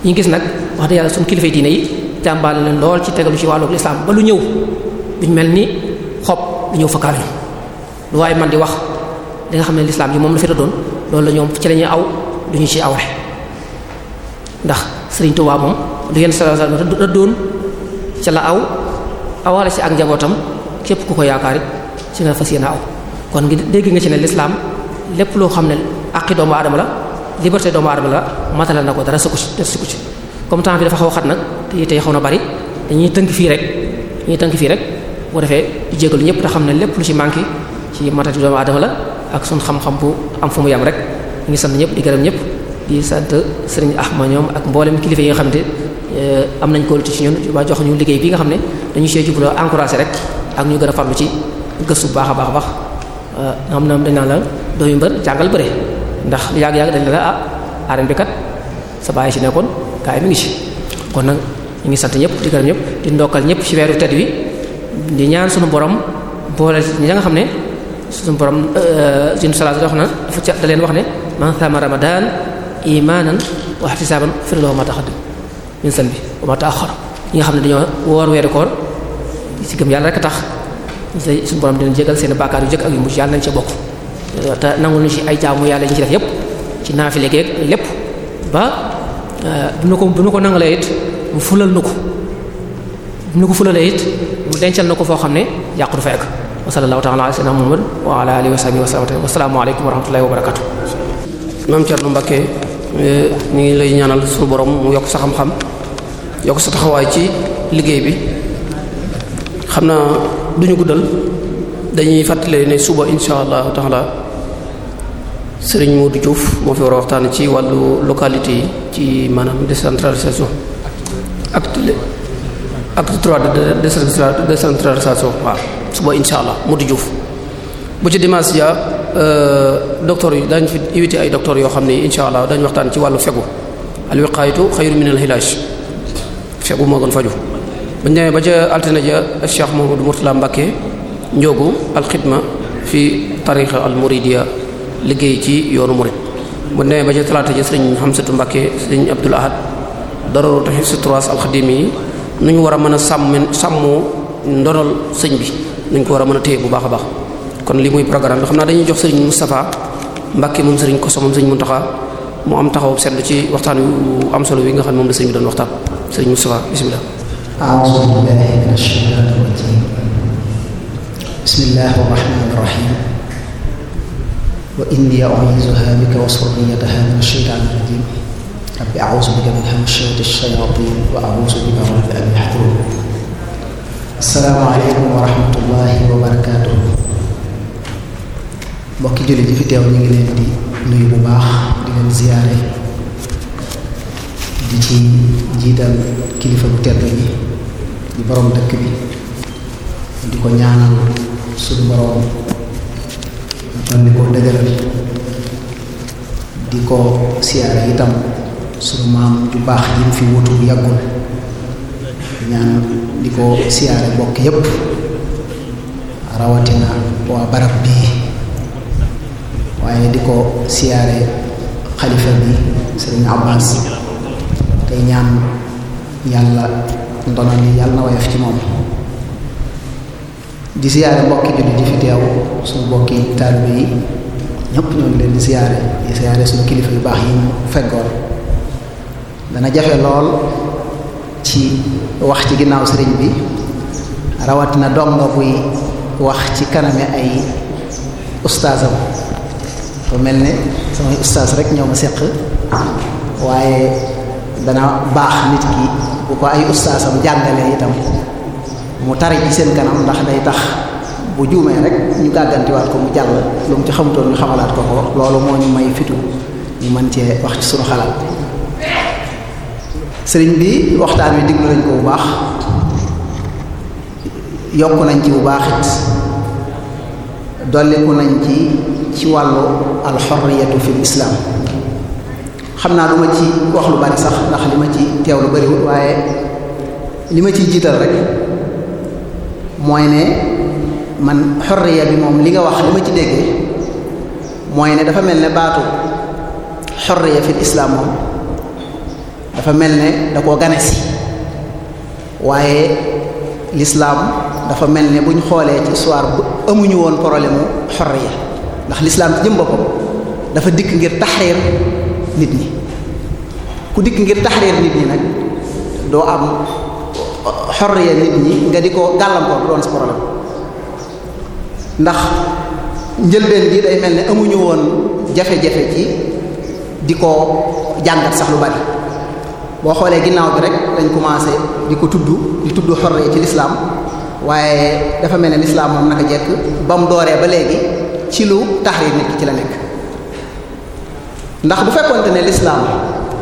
ñu gis nag wax dëgg yàlla suñu kilifa diine yi jàmbaale leen lool ci tegalu ci wàllug lislaam ba lu ñëw duñ mel ni xob lu ñëw fakkaal man di wax xam ne lislaam yi moom la fi doon loolu la ñoom ci la ñuy duñu ci awre ndax Serigne moom lu yenn sallallahu alayhi wasallam ca la aw awaale ci ak njabootam képp ku ko yaakaar it ci nga fas yéene aw kon ngi dégg nga ci ne l'islam lépp loo xam ne àqi doomu aadama la liberté doomu aadama la matala na ko dara sukku ci dara sukku ci comme temps bi dafa xaw a xat nag te tey xaw na bari dañuy tënk fii rek dañuy tënk fii rek boo defee jégalu ñëpp te xam ne lépp lu ci manqué ci matati doomu aadama la ak sun xam-xam am fu mu yem rek ngi sant ñëpp di gërëm ñëpp di sant sëriñ yi nga xamante eh, am nañ kóolute ci ñun bi nga xam ne dañu see jubloo encouragé rek ak ñu a farlu ci gëstu bu baax a a eh, na dañ naan la dooyu mbër jàngal bëre ndax yàgg-yàgg dañ la ah arène bi kat sa bàyyi si nekkoon gaa yi mi ngi si ngi sant ñëpp di gërëm ñëpp di ndokkal ñëpp ci weeru tedd wi di ñaan suñu borom boole ñi nga xam ne suñu borom eh, suñu salaat wax na dafa ca da wax ne man saama ramadan imanan wa ihtisaban firla wa ma taqaddam min sanbi wa ma ta'akhkhara ñi nga xam ne dañoo woor weeru koor ci gëm yàlla rek a tax suñu borom dina jégal seen bàkkaar yu jëkk ak yu mujj yàlla nañ ca bokk te nangul ñu ci ay jaamu yàlla ñu ci def yépp ci naafile geek lépp ba euh, bu nu ko bu nu ko nangalee it mu fulal nu ko bu nu ko fulalee it mu dencal na ko foo xam ne yàqu du fa egg wa sallallahu ta'ala ala sayyidina Muhammad wa ala alihi wa sahbihi wa sallam wa salaamu alaykum wa rahmatullahi wa barakatuh maam Thierno Mbacke eh, ñu ngi lay ñaanal suñu borom mu yokk sa xam-xam yokk sa taxawaay ci liggéey bi xam naa duñu guddal dañuy fàttale ne suba insha allahu taala sëriñ Modou Diouf moo fi war a waxtaan ci wàllu localité yi ci maanaam décentralisation acte acte trois de décentralisation waaw suba insha allah Modou Diouf bu ci dimanche Euh, docteur yi daañu fi invité ay docteur yoo xam ne incha allah dañu waxtaan ci wàllu fegu alwiqaayatu xayru min alxilaaj fegu moo gën faju bañ demee ba ca altine ja Cheikh Mouhamadou Mourtala Mbacké njoogu alxidma fi tariqa almuridiya liggéey ci yoonu murid bu demee ba ca talaata ja sëriñ Hamsatu Mbacké sëriñ Abdul Ahad darooru taxif si trois alxadim yi nu ñu war a mën a sàmm sàmmoo ndonal sëñ bi nu ñu ko war a mën a téye bu baax a baax kon li muy programme xam naa dañuy jox sëriñ Moustapha Mbacke moom sëriñ Koso moom sëriñ Mountakha mu am taxawu seetlu ci waxtaan wu am solo wi nga xam ne moom la sëriñ bi doon waxtaan sëriñ Moustapha bismillah a'udhu billahi minash shaytanir rajim bismillahir rahmanir rahim wa inni u'izuha bika wa surriyataha minash shaytanir rajim rabbi a'udhu bika min hamazatish shayatin wa a'udhu bika min an yahdurun assalaamu alaykum wa rahmatullahi wa barakatuh mbokki jullit yi fi teew ñu ngi leen di nuyu bu baax di leen ziyaare di ci jiital kilifa bu tedd yi di boroom dëkk bi di ko ñaanal suñu boroom dolli ko dëgëral di ko siyaare itam suñu maam ju baax yi mu fi wutu yàggul ñaan di ko siyaare bokk yépp rawatina waa barab bii waaye di ko siyaare xalifa bi sëriñ Abbas tey ñaan yàlla ndono li yàlla na woyof ci moom di siyaare mbokki jullit ji fi teew suñu mbokki taalibe yi ñëpp ñoo leen di siyaare di siyaare suñu kilifa yu baax yi ñu feggoon dana jafe lool ci wax ci ginnaaw sëriñ bi rawatina dong buy wax ci kaname ay ustaasam bu mel ne samay ustaas rek ñoo ma seq waaye dana baax nit ki bu ko ay ustaasam jàngalee itam mu tari ci seen kanam ndax day tax bu juumee rek ñu gàggantiwaat ko mu jàll lu mu ci xamutoon ñu xamalaat ko ko loolu moo ñu may fitu ñu mën cee wax ci sunu xalaat sëriñ bi waxtaan wi diglu nañ ko bu baax yokk nañ ci bu baax it dolliku nañ ci ci wàllu alxorriyatu fi lislaam xam naa duma ci wax lu bari sax ndax li ma ci teew lu bariwul waaye li ma ciy jiital rek mooy ne man xorriya bi moom li nga wax li ma ci déggee mooy ne dafa mel ne baatu xorriya fi islaam moom dafa mel ne da koo gane si waaye lislaam dafa mel ne buñ xoolee ci soir bu amuñu woon problème mu xorriya ndax lislaam ci jëm boppam dafa dikk ngir taxriir nit ñi ku dikk ngir taxriir nit ñi nag doo am xorriya nit ñi nga di ko gàllankoor du doon sa problème ndax njëlbeen gi day mel ni amuñu woon jafe-jafe ci di ko jàngat sax lu bari boo xoolee ginnaaw bi rek dañ commencé di ko tudd di tudd xorriya ci lislaam waaye dafa mel ne lislaam moom naka jekk ba mu dooree ba léegi ci lu tahrim nekk ci la nekk ndax bu fekkante ne lislaam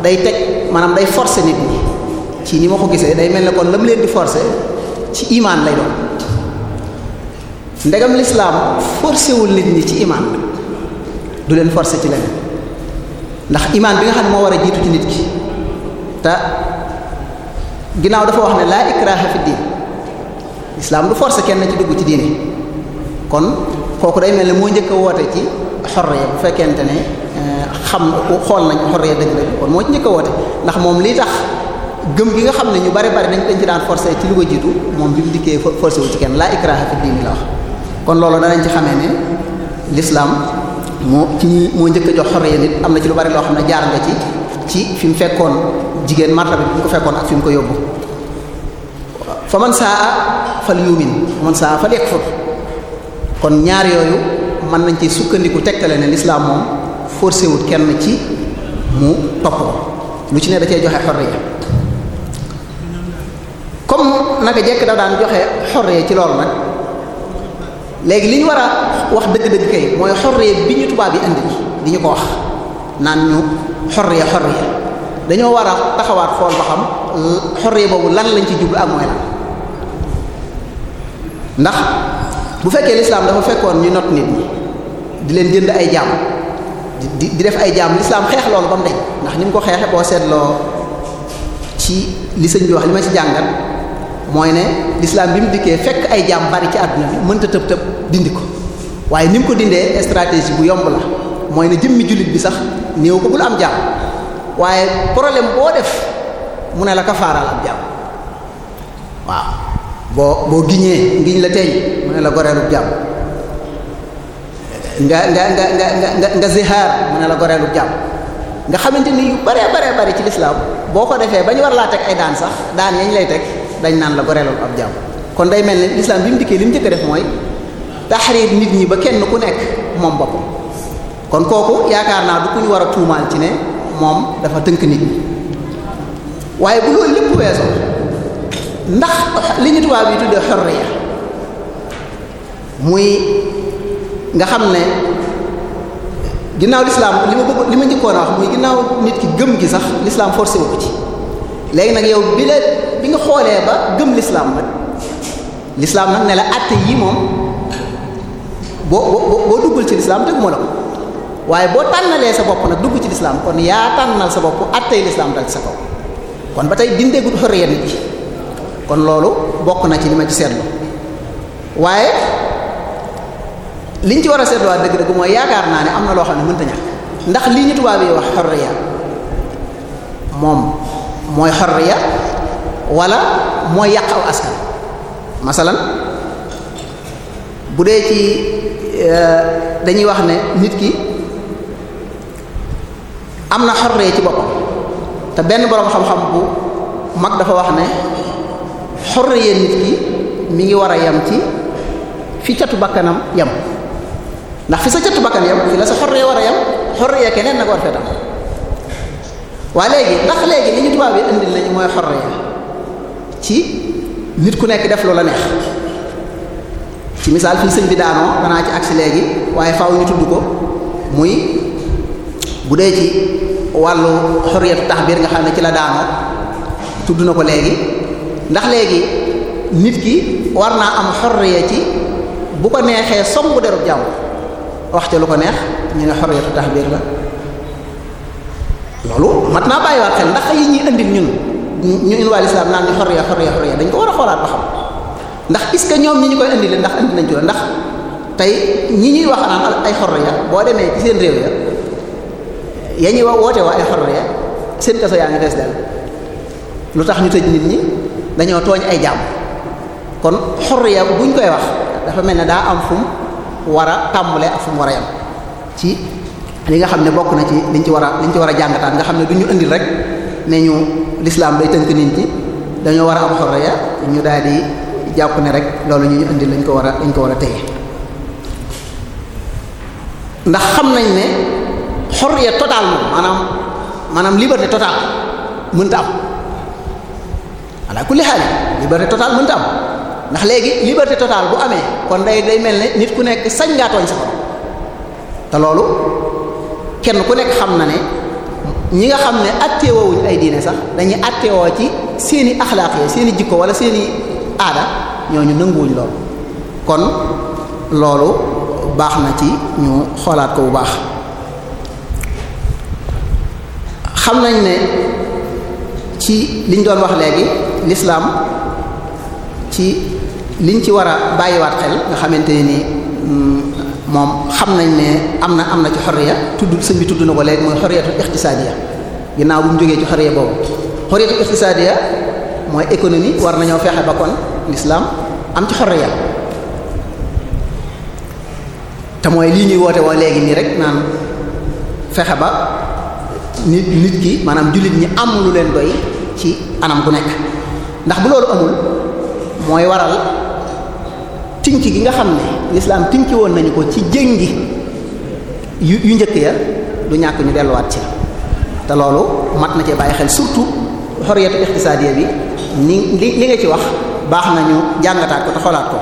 day teg maanaam day forcer nit ñi ci ni ma ko gisee day mel ne kon la mu leen di forcer ci imaan lay doon ndegam lislaam forcé wul nit ñi ci imaan du leen forcé ci leneen ndax imaan bi nga xam ne moo war a jiitu ci nit ki te ginnaaw dafa wax ne laa ikraha fi diin lislaam du forcé kenn ci dugg ci diine kon kooku day mel ni moo njëkk a woote ci xorriya bu fekkente ne eh, xam xool nañ xorriya dañ dëgg kon moo ci njëkk a woote ndax moom li tax gëm gi nga xam ne ñu bare bari dañ dañ ci daan forcé ci lu ko jiitu moom bi mu dikkee forcé wu ci kenn laa ikraha la kon loolu danañ ci xamee ne l'islam moo ci moo njëkk a jox xorriya am na ci lu bari loo xam ne jaar nga ci ci fi mu fekkoon jigéen martaba bi mu ko fekkoon ak fi mu ko yóbbu fa man saa fal yumin fa man saa fal yakfur kon ñaar yooyu mën nañ ci sukkandiku tegtale ne lislaam moom forcé wut kenn ci mu topp ko lu ci ne da cee joxe xorriya comme naka jekk da daan joxe xorriya ci loolu nag léegi li ñu war a wax dëgg-dëgg kay mooy xorriya bi ñu tubaab yi indi di ñu ko wax naan ñu xorriya xorriya dañoo war a taxawaat xool ba xam xorriya boobu lan lañ ci jublu ak mooy lan ndax bu fekkee lislaam dafa fekkoon ñu not nit ñi di leen jënd ay jàmm di def ay jàmm lislaam xeex loolu ba mu deñ ndax ni mu ko xeexee boo seetloo ci li sëñ bi wax li ma ci jàngat mooy ne lislaam bi mu dikkee fekk ay jàmm bari ci àdduna bi mënta tëb tëb dindi ko waaye ni mu ko dindee stratégie bu yomb la mooy ne jëmmi jullit bi sax néew ko bul am jàmm waaye problème boo def mu ne la kafaaral am jaam waaw boo boo giñee ngiñ la teeñ mu ne la goreelu jàmm nga nga nga nga nga nga zihaar mu ne la goreelu jàmm nga xamante ni yu bare bare bare ci lislaam boo ko defee ba ñu war laa teg ay daan sax daan yañ lay teg dañ naan la goreelu ab jàmm kon day mel ni lislaam bi mu dikkee li mu njëkk a def mooy taxriir nit ñi ba kenn ku nekk moom boppam kon kooku yaakaar naa du ku ñu war a tuumaal ci ne moom dafa tënk nit ñi waaye bu loolu lépp weesoo ndax li ñu tubaab yi tuddee xorriya muy nga xam ne ginnaaw lislaam li ma bëgg li ma njëkkoon a wax muy ginnaaw nit ki gëm gi sax lislaam forcé wu ci léegi nag yow bi la bi nga xoolee ba gëm lislaam nag lislaam nag ne la àtte yi moom boo boo boo duggul ci lislaam tegu ma la ko waaye boo tànnalee sa bopp nag dugg ci lislaam kon yaa tànnal sa bopp àttey lislaam dal ci sa kaw kon ba tey dindeegul xorriya nit ki kon loolu bokk na ci li ma ci seetlu waaye liñ ci war a seetluwaat dëgg-dëgg mooy yaakaar naa ne am na loo xam ne mënta ñàkk ndax lii ñu tubaab yi wax xorriya moom mooy xorriya wala mooy yàq aw askan masalan bu dee ci euh, dañuy wax ne nit ki am na xorriya ci boppam te benn boroom xam-xam bu mag dafa wax ne xorriya nit ki mi ngi war a yam ci fi catu bakkanam yam ndax fi sa catu bakkan yam fi la sa xorriya war a yam xorriya keneen nag war fee tam waaye léegi ndax léegi li ñu tubaab yi indil nañu mooy xorriya ci nit ku nekk def loola neex ci misaal fi sëñ bi daanoo danaa ci agsi léegi waaye faw ñu tudd ko muy bu dee ci wàllu xorriyatu taxbir nga xam ne ci la daanoo tudd na ko léegi ndax léegi nit ki war naa am xorriya ci bu ko neexee somb derub jàmm wax ca lu ko neex ñu ne xorriyatu taxbiir la loolu mat naa bàyyiwaat xel ndax yi ñuy indil ñun ñu inwal islam naan ñu xorriya xorriya xorriya dañ ko war a xoolaat ba xam ndax est ce que ñoom ñi ñu koy indile ndax indi nañ ci la ndax tey ñi ñuy wax ay xorriya boo demee ci seen réew ya ya ñuy woote waa ay xorriya seen kaso yaa ngi des del lu tax ñu tëj nit ñi dañoo tooñ ay jàmm kon xurriya buñ koy wax dafa mel ne daa am fum mu war a tàmbale ak fu mu war a ci li nga xam ne bokk na ci liñ ci war a liñ ci war a jàngataan nga xam ne du ñu indil rek ne ñu lislaam lay tënk nit ñi dañoo war a am xurriya ñu daal di jàpp ne rek loolu ñu ñu indil lañ ko war a lañ ko war a téye ndax xam nañ ne xurriya total moom maanaam maanaam liberté totale mënta am. ala kulli xaal liberté totale mënta am ndax léegi liberté totaal bu amee kon day day mel ne nit ku nekk sañ ngaa tooñ sa te loolu kenn ku nekk xam na ne ñi nga xam ne atteewoowuñ ay diine sax dañuy atteewoo ci seeni axlaaq ya seeni jikko wala seeni aada ñu nanguwuñ loolu kon loolu baax na ci ñu xoolaat ko bu baax xam nañ ne ci liñ doon wax léegi lislaam ci liñ ci war a bàyyiwaat xel nga xamante ne nii mm, moom xam nañ ne am na am na ci xorriya tudd sëñ bi tudd na ko léegi mooy xorriyatu iqtisaadiya ginnaaw bu mu jógee ci xorriya boobu xorriyatu iqtisaadiya mooy économie war nañoo fexe ba kon lislaam am ci xorriya te mooy lii ñuy woote woo léegi nii rek naan fexe ba nit nit ki maanaam jullit ñi am lu leen doy ci anam bu nekk ndax bu loolu amul mooy waral tinc gi nga xam ne lislaam tinc woon nañu ko ci jéngi yu yu njëkk ya lu ñàkk ñu delluwaat ci te loolu mat na ci bàyyi xel surtout xoriyatu iqtisaadiya bi ni li li nga ci wax baax nañu jàngataat ko te xolaat ko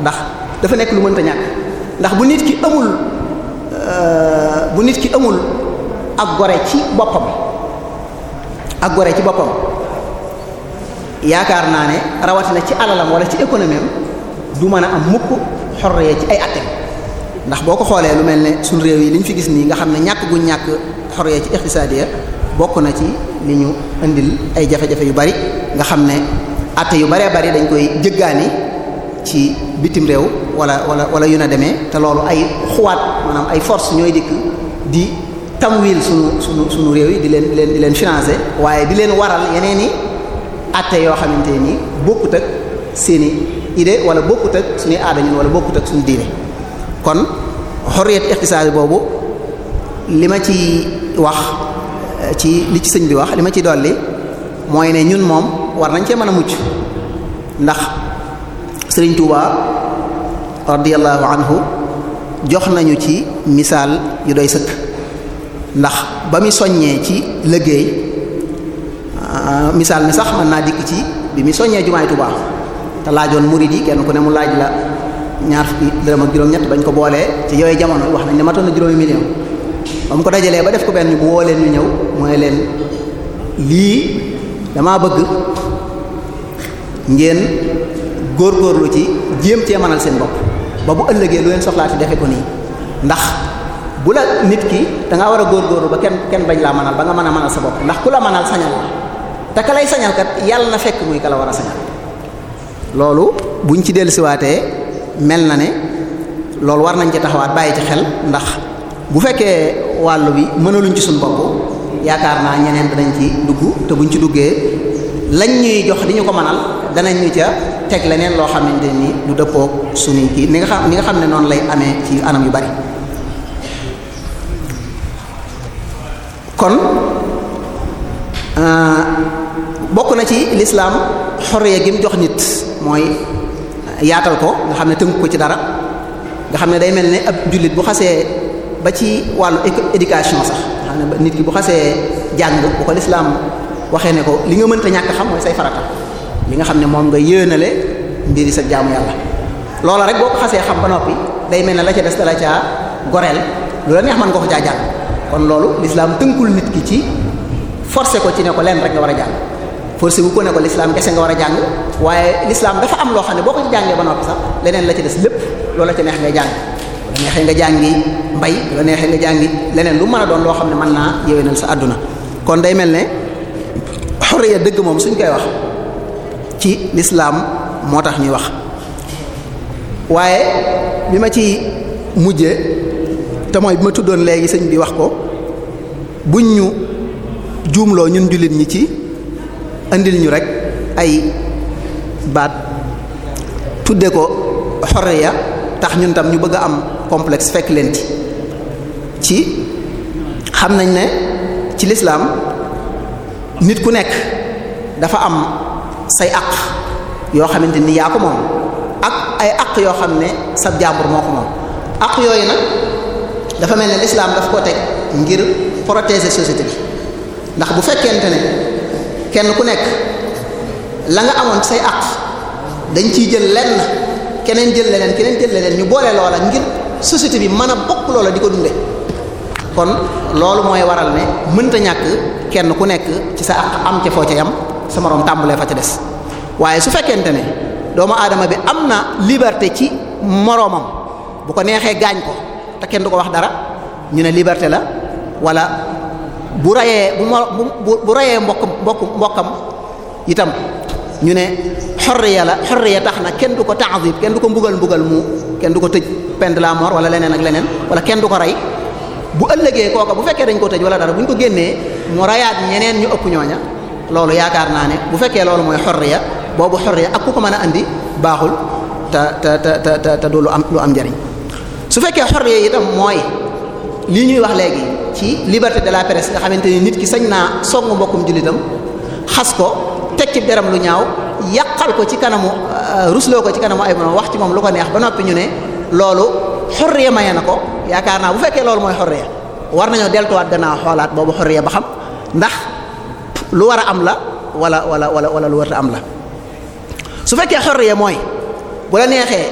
ndax dafa nekk lu mënta ñàkk ndax bu nit ki amul euh, bu nit ki amul ak gore ci boppam ak gore ci boppam yaakaar naa ne rawatina ci alalam wala ci économie du mën a am mukk xorree ci ay attem ndax boo ko xoolee lu mel ne suñ réew yi li ñu fi gis nii nga xam ne ñàkk gu ñàkk xorree ci iqtisadiya bokk na ci li ñu indil ay jafe-jafe yu bari nga xam ne atte yu baree bari dañ koy jëggaani ci bitim réew wala wala wala yu na demee te loolu ay xuwaat maanaam ay force ñooy dikk di tamwil sunu suñu suñu réew yi di leen di leen di leen financer waaye di leen waral yeneen i atte yoo xamante ne nii bokkut ak seeni idée wala bokkut ak suñuy aada ñun wala bokkut ak suñu diine kon xorriyat ixtisaas boobu li ma ci wax ci li ci sëñ bi wax li ma ci dolli mooy ne ñun moom war nañ cee mën a mujj ndax sëriñ Touba radiyallahu anhu jox nañu ci misaal yu doy sëkk ndax ba muy soññee ci liggéey Euh, misaal mi sax mën naa dikk ci bi mi soññee jumaay Tuuba te laajoon murid yi kenn ku ne mu laaj la ñaar fukki dërëm juróom-ñett bañ ko boolee ci yooyu jamono wax nañ ne matoon na juróomi million ba mu ko dajalee ba def ko benn bu woo leen ñu ñëw mooy damaa bëgg ngeen góorgóorlu ci jéem cee mënal seen bopp ba ëllëgee lu leen soxlaati defe ko nii ndax bu la nit ki da ngaa war a góorgóorlu ba kenn kenn bañ laa mënal ba nga mën a mënal sa bopp ndax ku la mënal sañal te ka lay sañal kat yàlla na fekk muy ka war a sañal loolu buñ ci dellusiwaatee mel na ne loolu war nañ ca taxawaat bàyyi ci xel ndax bu fekkee wàllu bi mënaluñ ci suñ bopp yaakaar naa ñeneen danañ ci dugg te buñ ci duggee lañ ñuy jox di ñu ko mënal danañ ñu ca teg leneen loo xam ne xamante ni du dëppook suñuy kii ni nga xam ni nga xam ne noonu lay amee ci anam yu bari kon bokk na ci lislaam xorriya gi mu jox nit mooy yaatal ko nga xam ne tënk ko ci dara nga xam ne day mel ne ab jullit bu xasee ba ci wàllu éducation sax nga xam ne nit ki bu xasee jàng bu ko lislaam waxee ne ko li nga mënta ñàkk xam mooy say farata li nga xam ne moom nga yéenale mbiri sa jaamu yàlla loola rek boo ko xasee xam ba noppi day mel ne la ca des dala caa goreel lu la neex mën nga ko caa jàng kon loolu lislaam tënkul nit ki ci forcé ko ci ne ko leen rek nga war a jàng forcé wu ko ne ko l'islam kese nga war a jàng waaye l'islam dafa am loo xam ne boo ko ci jàngee ba noppi sax leneen la ci des lépp la ci neex ngay jàng la neexee nga jàngi mbay la neexee nga jàngi leneen lu mën a doon loo xam ne mën naa yéwénal sa àdduna kon day mel ne xorriya dëgg moom suñ koy wax ci lislaam moo tax ñuy wax waaye bi ma ci mujjee te mooy bi ma tuddoon léegi sañ bi wax ko buñ ñu jumloo ñun jullit ñi ci indil ñu rek ay baat tudde ko ya tax ñun tam ñu bëgg am complexe fekk leen ci ci xam nañ ne ci lislaam nit ku nekk dafa am say àq yoo xamante ni yaa ko moom ak ay àq yoo xam ne sa jàmbur moo ko moom àq yooyu nag dafa mel ne lislaam daf ko teg ngir protéger société bi ndax bu fekkente ne kenn ku nekk la nga amoon say àq dañ ciy jël lenn keneen jël leneen keneen jël leneen ñu boole loola ngir société bi mën a bokk loola di ko dunde kon loolu mooy waral ne mënta ñàkk kenn ku nekk ci sa àq am ca foo ca yam sa moroom tàmbulee fa ca des waaye su fekkente ne doomu aadama bi am na liberté ci moroomam bu ko neexee gaañ ko te kenn du ko wax dara ñu ne liberté la wala bu rayee bu ma bu bu rayee mbokk mbokk mbokkam itam ñu ne xorriya la xorriya tax na kenn du ko ta'zib kenn du ko mbugal mbugal mu kenn du ko tëj peine de la mort wala leneen ak leneen wala kenn du ko rey bu ëllëgee kooka bu fekkee dañ ko tëj wala dara bu ñu ko génnee mu rayaat ñeneen ñu ëpp ñooña loolu yaakaar naa ne bu fekkee loolu mooy xorriya boobu xorriya ak ko ko mën a andi baaxul te te te te du lu am lu am njariñ su fekkee xorriya itam mooy. lii ñuy wax léegi ci liberté de la presse nga xamante ni nit ki sañ naa song mbokkum jullitam xas ko teg ci deram lu ñaaw yàqal ko ci kanamu euh, rusloo ko ci kanamu ay moom wax ci moom lu ko neex ba noppi ñu ne loolu xorriya maye na ko yaakaar bu fekkee loolu mooy xorriya war nañoo deltuwaat gannaaw xoolaat boobu xorriya ba xam ndax lu war a am la wala wala wala wala lu war am la su fekkee xorriya mooy bu neexee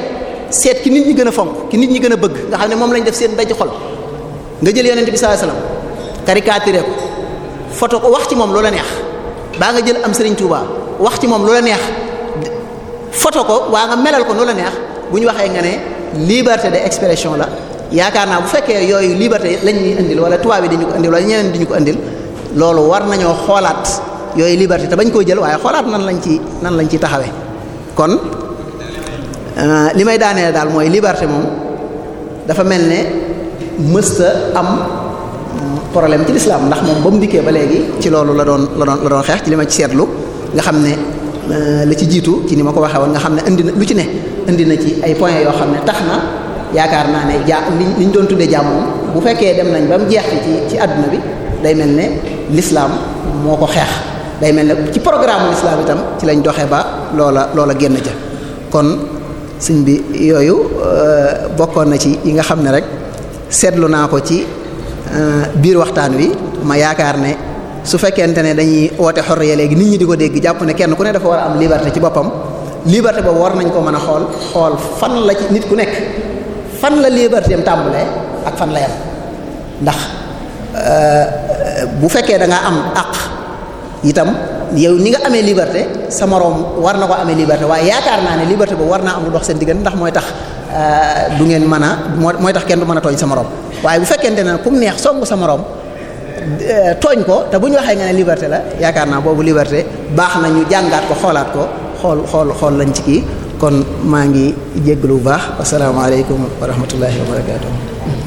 seet ki nit ñi gën a fonk nit ñi gën a bëgg nga xam ne moom lañ def seen daj xol nga jël yonent bi sallallahu alayhi wasallam caricature ko foto ko wax ci moom loola neex baa nga jël am Serigne Touba wax ci moom loola neex foto ko waa nga melal ko la neex bu ñu waxee nga ne liberté d'expression la yaakaar naa bu fekkee yooyu liberté lañ ñuy indil wala tubaab yi dañu ko indil wala ñeneen dañu ko indil loolu war nañoo xoolaat yooyu liberté te bañ koo jël waaye xoolaat nan lañ ci nan lañ ci taxawee kon euh, li may daaneel daal mooy liberté moom dafa mësta am problème ci lislaam ndax moom ba mu dikkee ba léegi ci loolu la doon la doon xeex ci li ma ci seetlu nga xam ne euh, la ci jiitu ci li ma ko waxee woon nga xam ne indi na lu ci ne indi na ci ay points yoo xam ne tax na yaakaar naa ne ja li ñu doon tuddee jàmm bu fekkee dem nañ ba mu jeex ci ci àdduna bi day mel ne lislaam moo ko xeex day mel ne ci programme lislaam itam ci lañ doxee ba loola loola génn ca kon sëñ bi yooyu euh, bokkoon na ci yi nga xam ne rek seetlu naa ko ci euh, biir waxtaan wi ma yaakaar ne su fekkente ne dañuy woote xorriya léegi nit ñi di ko dégg jàpp ne kenn ku ne dafa war a am liberté ci boppam liberté boobu war nañ ko mën a xool xool fan la ci nit ku nekk fan la liberté am tàmbalee ak fan la ndax euh, bu fekkee da am àq itam yow ni nga amee liberté sa moroom war na ko amee liberté waaye yaakaar naa ne liberté boobu war naa am lu dox seen diggante ndax mooy tax Euh, du ngeen mën a mooy tax kenn du mën a tooñ sa morom waaye bu fekkente ne ku mu neex song sa morom euh, tooñ ko te bu ñu waxee nga ne liberté la yaakaar naa boobu liberté baax na ñu jàngaat ko xoolaat ko xool xool xool lañ ci kii kon maa ngi jéggalu lu baax asalaamaaleykum wa rahmatullahi wa barakatuh